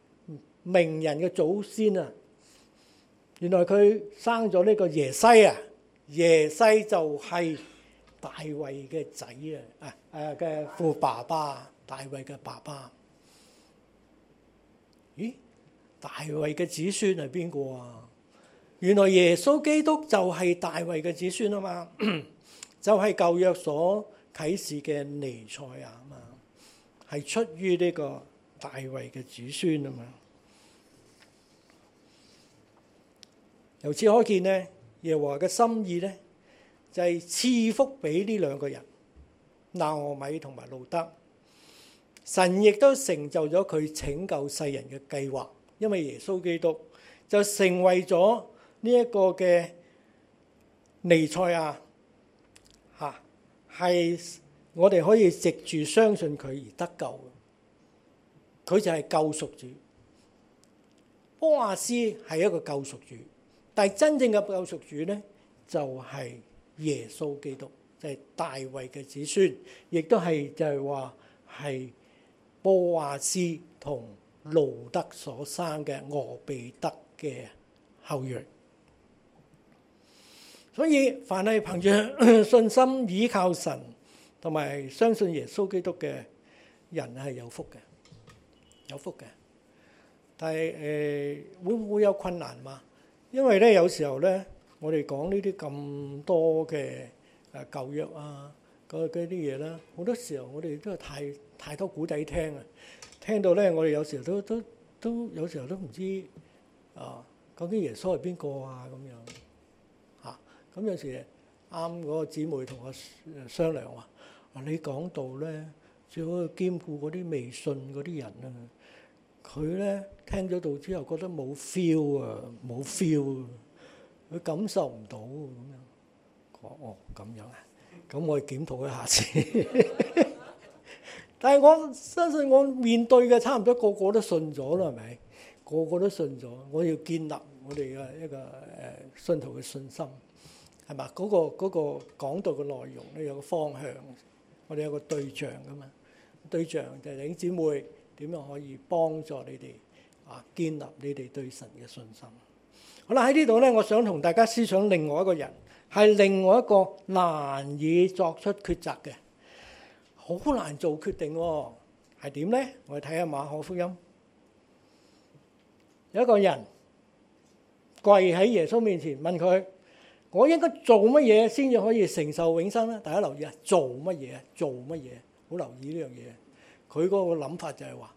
名人嘅祖先啊！原來佢生咗呢個耶西啊，耶西就係大衛嘅仔啊，誒、啊、嘅父爸爸，大衛嘅爸爸。大衛嘅子孫係邊個啊？原來耶穌基督就係大衛嘅子孫啊！嘛，就係、是、舊約所啟示嘅彌賽亞啊！嘛，係出於呢個大衛嘅子孫啊！嘛，由此可見呢，耶和華嘅心意呢，就係、是、賜福俾呢兩個人，拿俄米同埋路得。神亦都成就咗佢拯救世人嘅計劃。因為耶穌基督就成為咗呢一個嘅彌賽亞，吓係我哋可以藉住相信佢而得救。佢就係救贖主，波亞斯係一個救贖主，但係真正嘅救贖主咧就係耶穌基督，就係大衛嘅子孫，亦都係就係話係波亞斯同。路得所生嘅俄備得嘅後裔，所以凡係憑著信心倚靠神同埋相信耶穌基督嘅人係有福嘅，有福嘅。但係誒，會唔會有困難嘛？因為咧，有時候咧，我哋講呢啲咁多嘅誒舊約啊，嗰嗰啲嘢啦，好多時候我哋都係太太多古仔聽啊。聽到咧，我哋有時候都都都有時候都唔知啊，究竟耶穌係邊個啊咁樣嚇。咁、啊、有時啱嗰個姊妹同我商量話，話你講道咧，最好去兼顧嗰啲未信嗰啲人啊。佢咧聽咗道之後覺得冇 feel 啊，冇 feel 啊，佢感受唔到咁樣。講哦咁樣啊，咁我哋檢討一下先。呵呵 但係我相信我面對嘅差唔多個個都信咗啦，係咪？個個都信咗，我要建立我哋嘅一個誒信徒嘅信心，係嘛？嗰個嗰個講道嘅內容咧有個方向，我哋有個對象噶嘛？對象就係弟兄姊妹，點樣可以幫助你哋啊？建立你哋對神嘅信心。好啦，喺呢度咧，我想同大家思想另外一個人，係另外一個難以作出抉擇嘅。好難做決定喎，係點呢？我哋睇下馬可福音，有一個人跪喺耶穌面前問佢：我應該做乜嘢先至可以承受永生呢？大家留意啊，做乜嘢做乜嘢？好留意呢樣嘢。佢嗰個諗法就係話：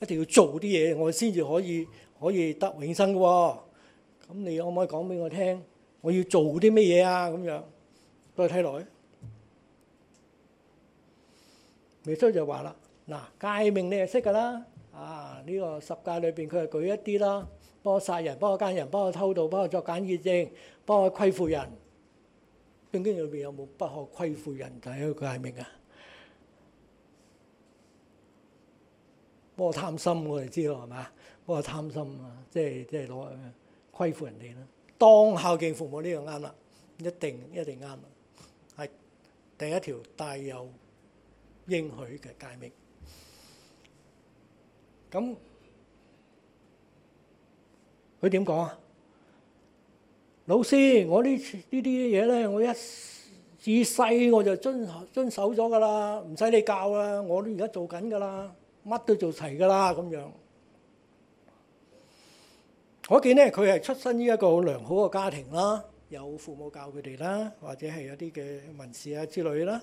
一定要做啲嘢，我先至可以可以得永生嘅。咁你可唔可以講俾我聽？我要做啲乜嘢啊？咁樣再睇落去。耶穌就話啦：嗱，誡命你係識噶啦，啊呢個十戒裏邊佢係舉一啲啦，幫我殺人，幫我奸人，幫我偷盜，幫我作假見證，幫我虧負人。《聖經》裏邊有冇不可虧負人？第一個誡命啊，幫我貪心，我哋知道係嘛？幫我貪心啊，即係即係攞虧負人哋啦。當孝敬父母呢樣啱啦，一定一定啱。係第一條，帶有。應許嘅誡命，咁佢點講啊？老師，我呢呢啲嘢咧，我一自細我就遵遵守咗噶啦，唔使你教啦，我都而家做緊噶啦，乜都做齊噶啦咁樣。可見咧，佢係出身於一個良好嘅家庭啦，有父母教佢哋啦，或者係有啲嘅文士啊之類啦。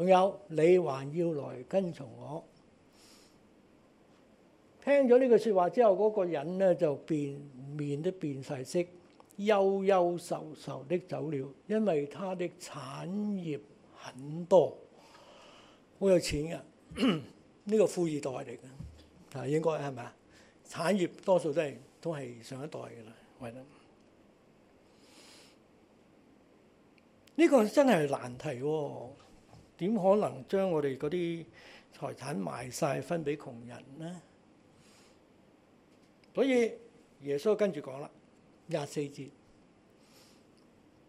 仲有，你還要來跟從我。聽咗呢句説話之後，嗰、那個人呢就變面都變曬色，憂憂愁愁，愁，愁，愁的走了，因為他的產業很多，好有錢嘅，呢個 富二代嚟嘅，啊應該係咪啊？產業多數都係都係上一代嘅啦，為咗呢個真係難題喎、啊。點可能將我哋嗰啲財產賣晒分俾窮人呢？所以耶穌跟住講啦，廿四節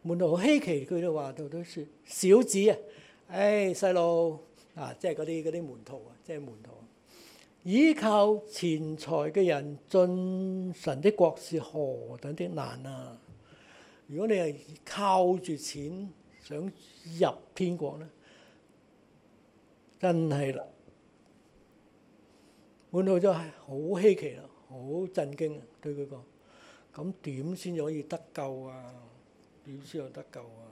門徒好稀奇，佢哋話到都説小子啊！唉，細路啊，即係嗰啲啲門徒啊，即係門徒倚靠錢財嘅人進神的國是何等的難啊！如果你係靠住錢想入天國呢？真係啦，滿到咗係好稀奇啦，好震驚啊！對佢講，咁點先可以得救啊？點先有得救啊？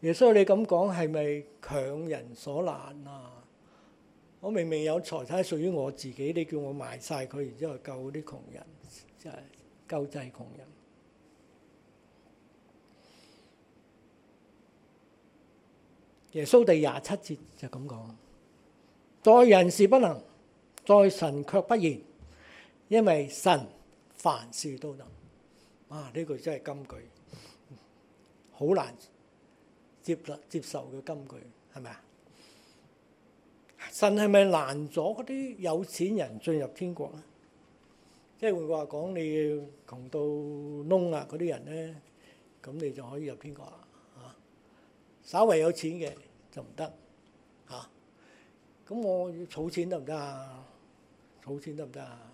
耶穌，你咁講係咪強人所難啊？我明明有財產屬於我自己，你叫我賣晒佢，然之後救啲窮人，即係救濟窮人。耶穌第廿七節就咁講：在人是不能，在神卻不然，因為神凡事都能。啊！呢句真係金句，好難接接受嘅金句，係咪啊？神係咪難咗嗰啲有錢人進入天國咧？即係會話講，你窮到窿啊嗰啲人咧，咁你就可以入天國啦。稍為有錢嘅就唔得，嚇！咁我要儲錢得唔得啊？儲錢得唔得啊？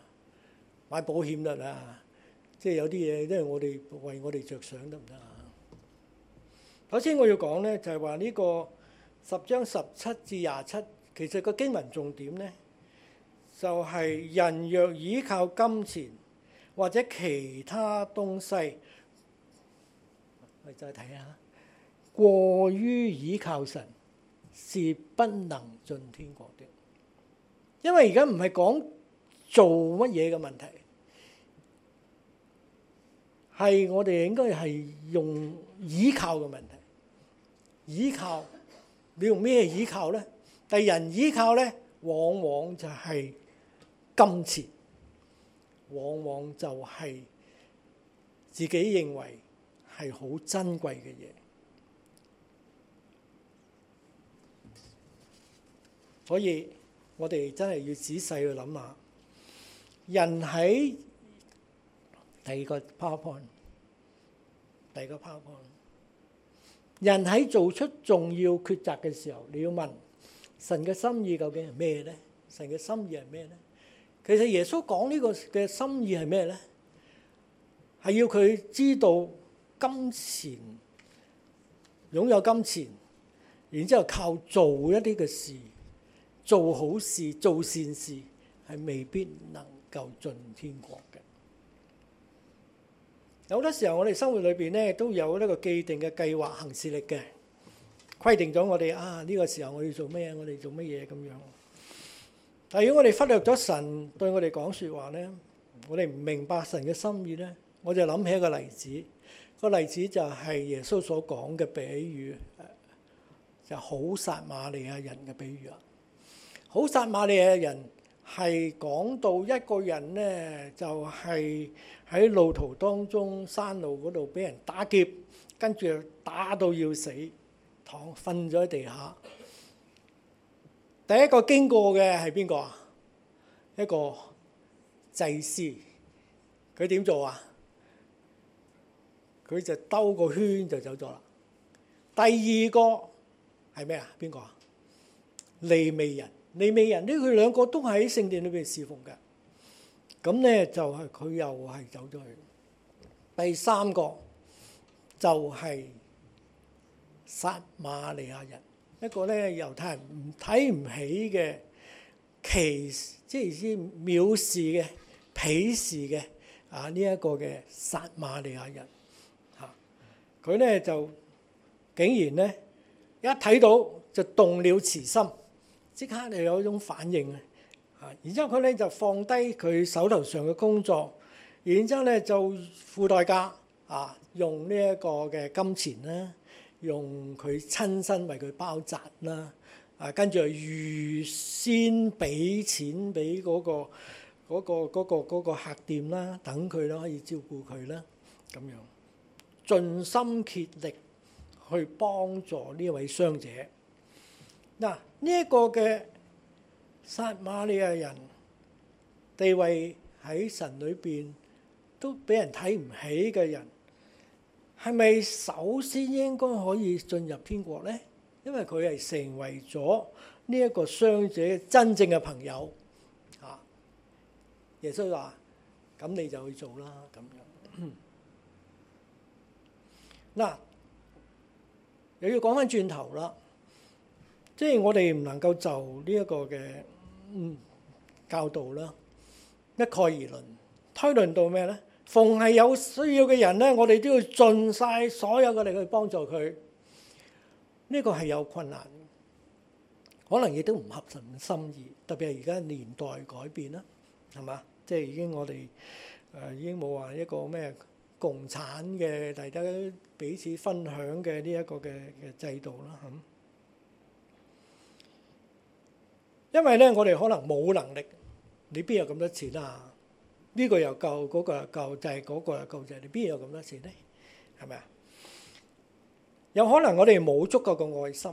買保險得唔得啊？即係有啲嘢，因為我哋為我哋著想得唔得啊？首先我要講咧，就係話呢個十章十七至廿七，其實個經文重點咧，就係人若倚靠金錢或者其他東西，我哋再睇下。過於依靠神是不能進天國的，因為而家唔係講做乜嘢嘅問題，係我哋應該係用依靠嘅問題。依靠，你用咩依靠呢？但係人依靠呢，往往就係金錢，往往就係自己認為係好珍貴嘅嘢。所以我哋真係要仔細去諗下，人喺第二個 PowerPoint，第二個 PowerPoint，人喺做出重要抉擇嘅時候，你要問神嘅心意究竟係咩咧？神嘅心意係咩咧？其實耶穌講呢個嘅心意係咩咧？係要佢知道金錢擁有金錢，然之後靠做一啲嘅事。做好事、做善事係未必能夠進天國嘅。有好多時候，我哋生活裏邊咧都有一個既定嘅計劃、行事力嘅規定咗我哋啊，呢、這個時候我要做咩？我哋做乜嘢咁樣？但如果我哋忽略咗神對我哋講説話咧，我哋唔明白神嘅心意咧，我就諗起一個例子。個例子就係耶穌所講嘅比喻，就是、好撒瑪利亞人嘅比喻啊。好撒瑪利亞人係講到一個人呢，就係喺路途當中山路嗰度俾人打劫，跟住打到要死，躺瞓咗喺地下。第一個經過嘅係邊個啊？一個祭司，佢點做啊？佢就兜個圈就走咗啦。第二個係咩啊？邊個啊？利未人。利未人兩呢？佢兩個都係喺聖殿裏邊侍奉嘅，咁咧就係、是、佢又係走咗去。第三個就係撒瑪利亞人，一個咧猶太人唔睇唔起嘅，歧即係指藐視嘅、鄙視嘅啊呢一、這個嘅撒瑪利亞人，嚇佢咧就竟然咧一睇到就動了慈心。即刻你有一種反應啊！然之後佢咧就放低佢手頭上嘅工作，然之後咧就付代價啊，用呢一個嘅金錢啦、啊，用佢親身為佢包紮啦啊，跟住預先俾錢俾嗰個嗰個嗰個嗰個客店啦、啊，等佢啦可以照顧佢啦，咁樣盡心竭力去幫助呢位傷者嗱。啊呢一個嘅撒瑪利亞人地位喺神裏邊都俾人睇唔起嘅人，係咪首先應該可以進入天國咧？因為佢係成為咗呢一個傷者真正嘅朋友啊！耶穌話：咁你就去做啦。咁樣嗱， 又要講返轉頭啦。即係我哋唔能夠就呢一個嘅、嗯、教導啦，一概而論推論到咩咧？逢係有需要嘅人咧，我哋都要盡晒所有嘅力去幫助佢。呢、這個係有困難，可能亦都唔合神心意，特別係而家年代改變啦，係嘛？即係已經我哋誒、呃、已經冇話一個咩共產嘅大家彼此分享嘅呢一個嘅嘅制度啦，咁。因為咧，我哋可能冇能力，你邊有咁多錢啊？呢個又夠，嗰個又夠，就係嗰個又夠啫。你邊有咁多錢咧？係咪啊？有可能我哋冇足夠嘅愛心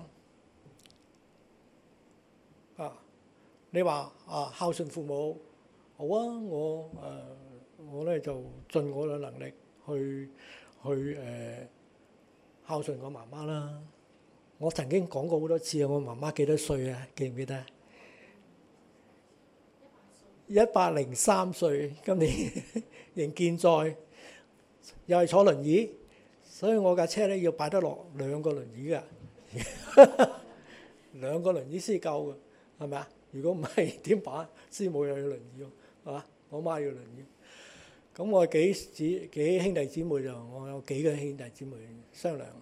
啊！你話啊，孝順父母好啊，我誒我咧就盡我嘅能力去去誒孝順我媽媽啦。我曾經講過好多次啊，我媽媽幾多歲啊？記唔記得？一百零三歲，今年仍 健在，又係坐輪椅，所以我架車咧要擺得落兩個輪椅嘅， 兩個輪椅先夠㗎，係咪啊？如果唔係點辦？師母又有輪椅喎，係嘛？我媽有輪椅，咁我幾姊幾兄弟姊妹就我有幾個兄弟姊妹商量啊。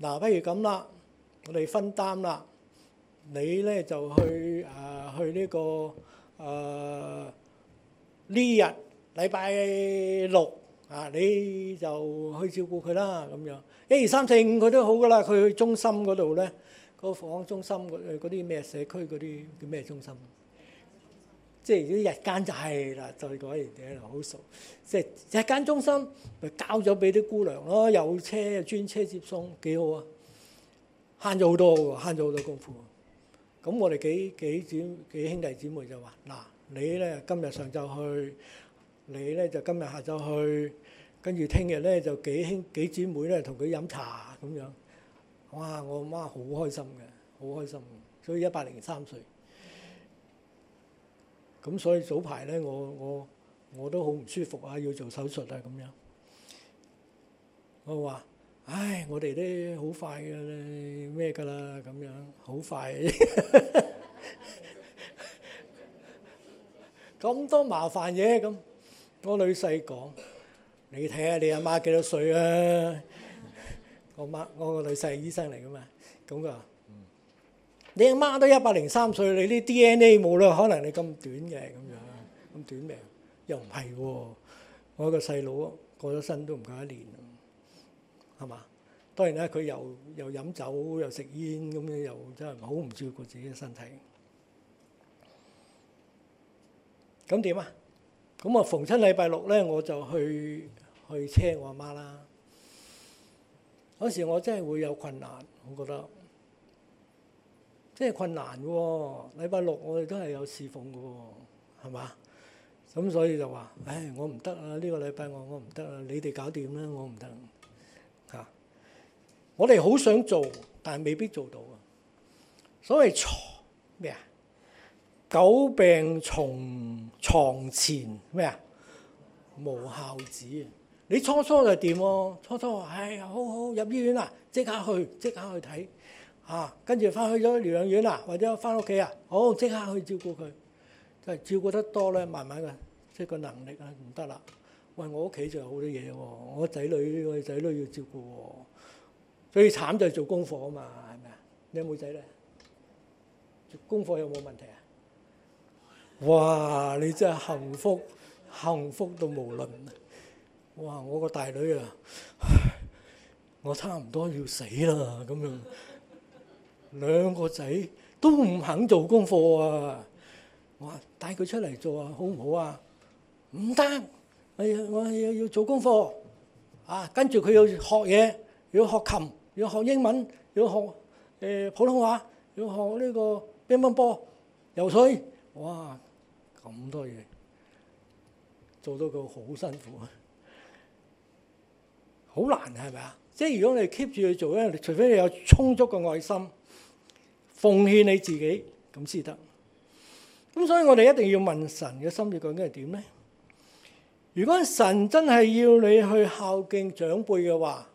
嗱，不如咁啦，我哋分擔啦，你咧就去誒、啊、去呢、呢個。誒呢、呃、日禮拜六啊，你就去照顧佢啦咁樣。一二三四五佢都好噶啦，佢去中心嗰度咧，個房中心嗰啲咩社區嗰啲叫咩中心？中心 即係如果日間就係、是、啦，就係嗰樣嘢就好熟。即係日間中心咪交咗俾啲姑娘咯，有車專車接送，幾好啊！慳咗好多喎，慳咗好多功夫。咁我哋幾幾姐幾兄弟姊妹就話：嗱，你咧今日上晝去，你咧就今日下晝去，跟住聽日咧就幾兄幾姐妹咧同佢飲茶咁樣。哇！我阿媽好開心嘅，好開心。所以一百零三歲。咁所以早排咧，我我我都好唔舒服啊，要做手術啊咁樣。我話。唉，我哋咧好快噶啦，咩噶啦咁樣，好快，咁多麻煩嘢咁。我個女婿講：你睇下你阿媽幾多歲啊？我媽，我個女婿係醫生嚟噶嘛，咁噶。你阿媽都一百零三歲，你啲 DNA 冇理由可能你咁短嘅咁樣，咁短命又唔係喎。我一個細佬過咗身都唔夠一年。係嘛？當然啦，佢又又飲酒又食煙咁樣，又真係好唔照顧自己嘅身體。咁點啊？咁 啊逢親禮拜六咧，我就去去車我阿媽啦。嗰時我真係會有困難，我覺得，真係困難嘅、啊、喎。禮拜六我哋都係有侍奉嘅喎、啊，係嘛？咁所以就話：唉，我唔得啊！呢、呢個禮拜我我唔得啊！你哋搞掂啦，我唔得。我哋好想做，但係未必做到啊！所謂床咩啊？久病床前咩啊？無孝子啊！你初初就點、啊、初初話：哎好好入醫院啦，即刻去，即刻去睇啊！跟住翻去咗療養院啊，或者翻屋企啊，好即刻去照顧佢。就照顧得多咧，慢慢嘅即係個能力啊唔得啦。喂，我屋企就有好多嘢喎、啊，我仔女個仔女要照顧喎。最慘就係做功課啊嘛，係咪啊？你有冇仔咧？做功課有冇問題啊？哇！你真係幸福，幸福到無 limit。哇！我個大女啊，我差唔多要死啦咁樣，兩個仔都唔肯做功課啊！我話帶佢出嚟做啊，好唔好啊？唔得，我要我要要做功課啊！跟住佢要學嘢，要學琴。要學英文，要學誒、呃、普通話，要學呢個乒乓波、游水，哇，咁多嘢，做到個好辛苦，好難，係咪啊？即係如果你 keep 住去做咧，除非你有充足嘅愛心，奉獻你自己，咁先得。咁所以我哋一定要問神嘅心意究竟係點咧？如果神真係要你去孝敬長輩嘅話，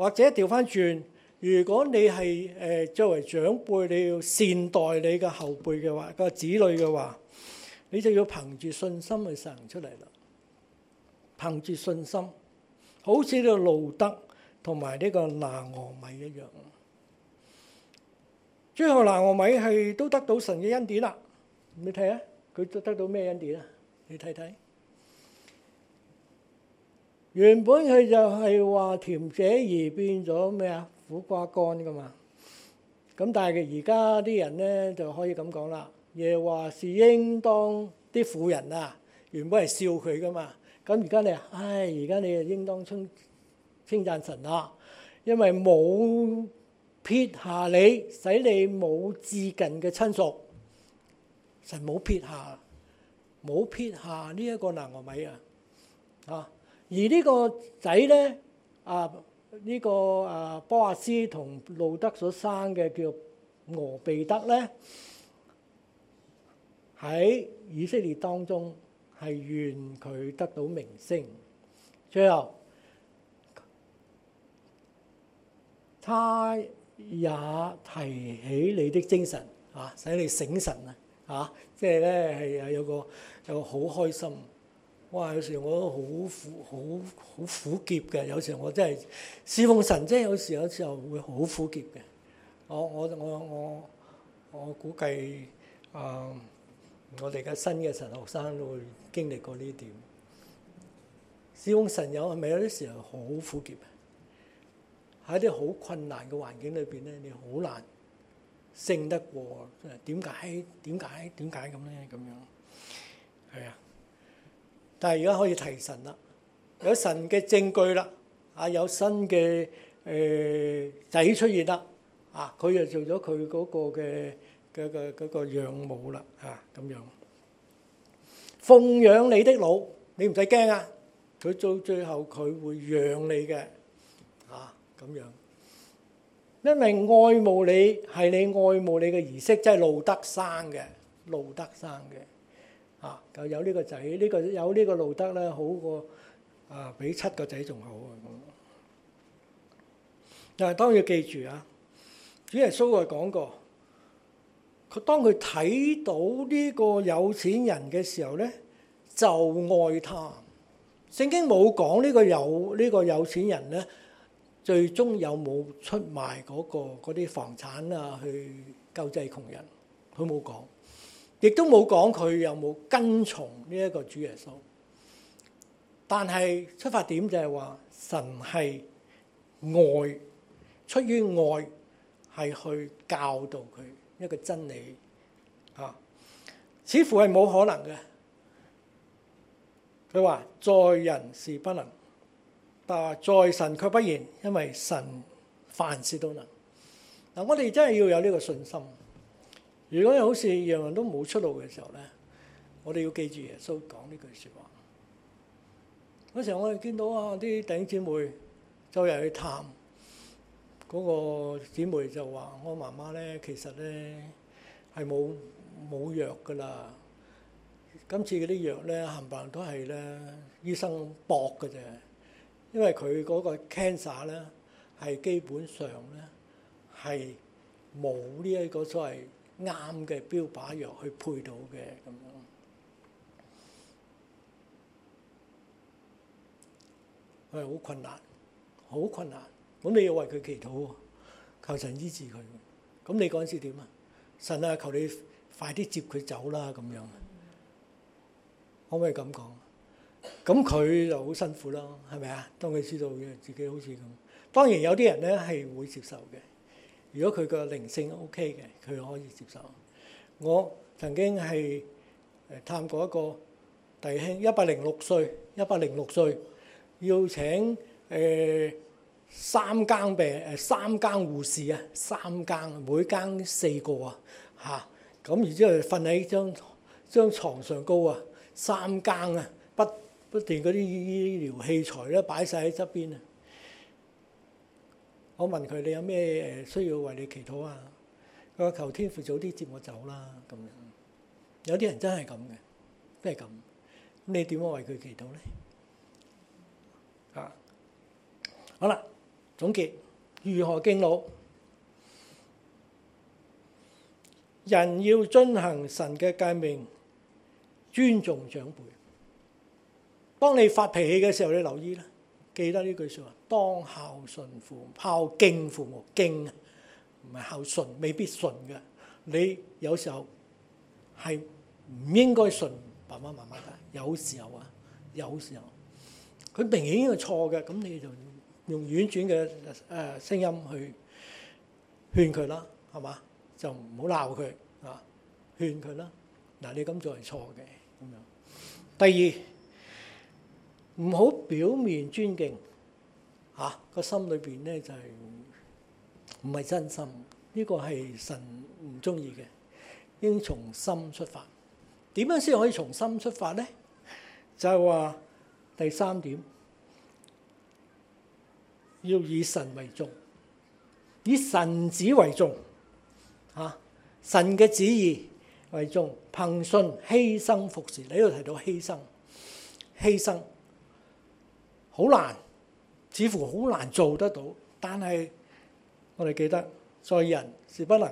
或者調翻轉，如果你係誒作為長輩，你要善待你嘅後輩嘅話，個子女嘅話，你就要憑住信心去行出嚟啦。憑住信心，好似呢個路得同埋呢個拿俄米一樣。最後拿俄米係都得到神嘅恩典啦。你睇下，佢都得到咩恩典啊？你睇睇。原本佢就係話甜姐兒變咗咩啊，苦瓜乾噶嘛，咁但係佢而家啲人咧就可以咁講啦，耶和華是應當啲婦人啊，原本係笑佢噶嘛，咁而家你，唉，而家你啊應當稱稱讚神啊，因為冇撇下你，使你冇至近嘅親屬，神冇撇下，冇撇下呢一個拿俄米啊，啊！而個呢個仔咧，啊呢、這個啊波阿斯同路得所生嘅叫俄備得咧，喺以色列當中係願佢得到名聲。最後，他也提起你的精神啊，使你醒神啊，啊即係咧係有個有個好開心。哇有時我都好苦，好好苦澀嘅。有時，我，有時我真係侍奉神，真係有時有時候會好苦澀嘅。我我我我我估計誒、呃，我哋嘅新嘅神學生都會經歷過呢點。侍奉神有係咪有啲時候好苦澀啊？喺啲好困難嘅環境裏邊咧，你好難勝得過。誒點解？點解？點解咁咧？咁樣係啊。但係而家可以提神啦，有神嘅證據啦，啊有新嘅誒仔出現啦，啊佢就做咗佢嗰個嘅嘅嘅嗰個養母啦，嚇咁樣奉養你的老，你唔使驚啊，佢到最後佢會養你嘅，嚇咁樣，因為愛慕你係你愛慕你嘅儀式，即係路得生嘅路得生嘅。啊！就有呢個仔，呢、呢個有呢個路德咧，好過啊，比七個仔仲好啊！咁、嗯，但係當然記住啊，主耶穌係講過，佢當佢睇到呢個有錢人嘅時候咧，就愛他。聖經冇講呢個有呢、呢個有錢人咧，最終有冇出賣嗰、嗰個啲房產啊去救濟窮人？佢冇講。亦都冇講佢有冇跟從呢一個主耶穌，但係出發點就係話神係愛，出於愛係去教導佢一個真理啊，似乎係冇可能嘅。佢話在人是不能，但係在神卻不然，因為神凡事都能。嗱、啊，我哋真係要有呢個信心。如果又好似人人都冇出路嘅時候咧，我哋要記住耶穌講呢句説話。嗰時我哋見到啊啲弟兄姊妹周日去探嗰個姊妹，就話：我媽媽咧其實咧係冇冇藥㗎啦。今次嗰啲藥咧冚唪都係咧醫生搏㗎啫，因為佢嗰個 cancer 咧係基本上咧係冇呢一個所謂。啱嘅標靶藥去配到嘅咁樣，佢係好、嗯、困難，好困難。咁你要為佢祈禱，求神醫治佢。咁你嗰陣時點啊？神啊，求你快啲接佢走啦！咁樣、嗯、可唔可以咁講？咁佢就好辛苦咯，係咪啊？當佢知道嘅自己好似咁，當然有啲人咧係會接受嘅。如果佢個靈性 O K 嘅，佢可以接受。我曾經係誒探過一個弟兄，一百零六歲，一百零六歲，要請誒、呃、三更病誒三更護士啊，三更每更四個啊，嚇！咁然之後瞓喺張張牀上高啊，三更啊，不不斷嗰啲醫療器材咧擺晒喺側邊啊。我問佢：你有咩誒需要為你祈禱啊？佢話求天父早啲接我走啦。咁樣有啲人真係咁嘅，都係咁。咁你點樣為佢祈禱咧？啊，好啦，總結如何敬老？人要遵行神嘅誡命，尊重長輩。當你發脾氣嘅時候，你留意啦。記得呢句説話：當孝順父母，孝敬父母，敬啊，唔係孝順，未必順嘅。你有時候係唔應該順爸爸媽媽㗎。有時候啊，有時候佢明顯係錯嘅，咁你就用婉轉嘅誒聲音去勸佢啦，係嘛？就唔好鬧佢啊，勸佢啦。嗱，你咁做係錯嘅。第二。唔好表面尊敬嚇，個心裏邊咧就係唔係真心。呢個係神唔中意嘅，應從心出發。點樣先可以從心出發咧？就係話第三點，要以神為重，以神旨為重嚇，神嘅旨意為重，憑信犧牲服侍。你呢度提到犧牲，犧牲。好難，似乎好難做得到。但係我哋記得，在人是不能，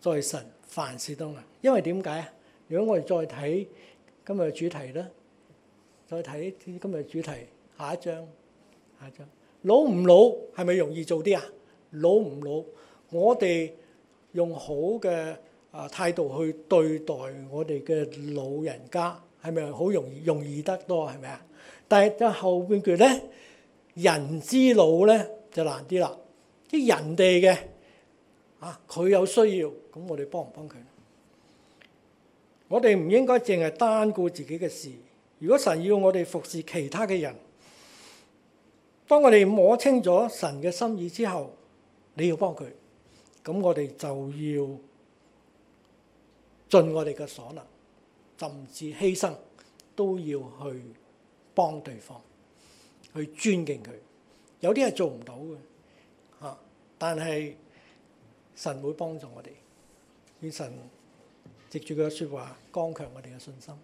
在神凡事都能。因為點解啊？如果我哋再睇今日嘅主題咧，再睇今日嘅主題下一章，下一章老唔老係咪容易做啲啊？老唔老，我哋用好嘅啊態度去對待我哋嘅老人家，係咪好容易容易得多？係咪啊？但係就後半句咧，人之老咧就難啲啦。啲人哋嘅啊，佢有需要，咁我哋幫唔幫佢？我哋唔應該淨係單顧自己嘅事。如果神要我哋服侍其他嘅人，當我哋摸清咗神嘅心意之後，你要幫佢，咁我哋就要盡我哋嘅所能，甚至犧牲都要去。幫對方，去尊敬佢，有啲嘢做唔到嘅，嚇！但係神會幫助我哋，與神藉住佢嘅説話，剛強我哋嘅信心。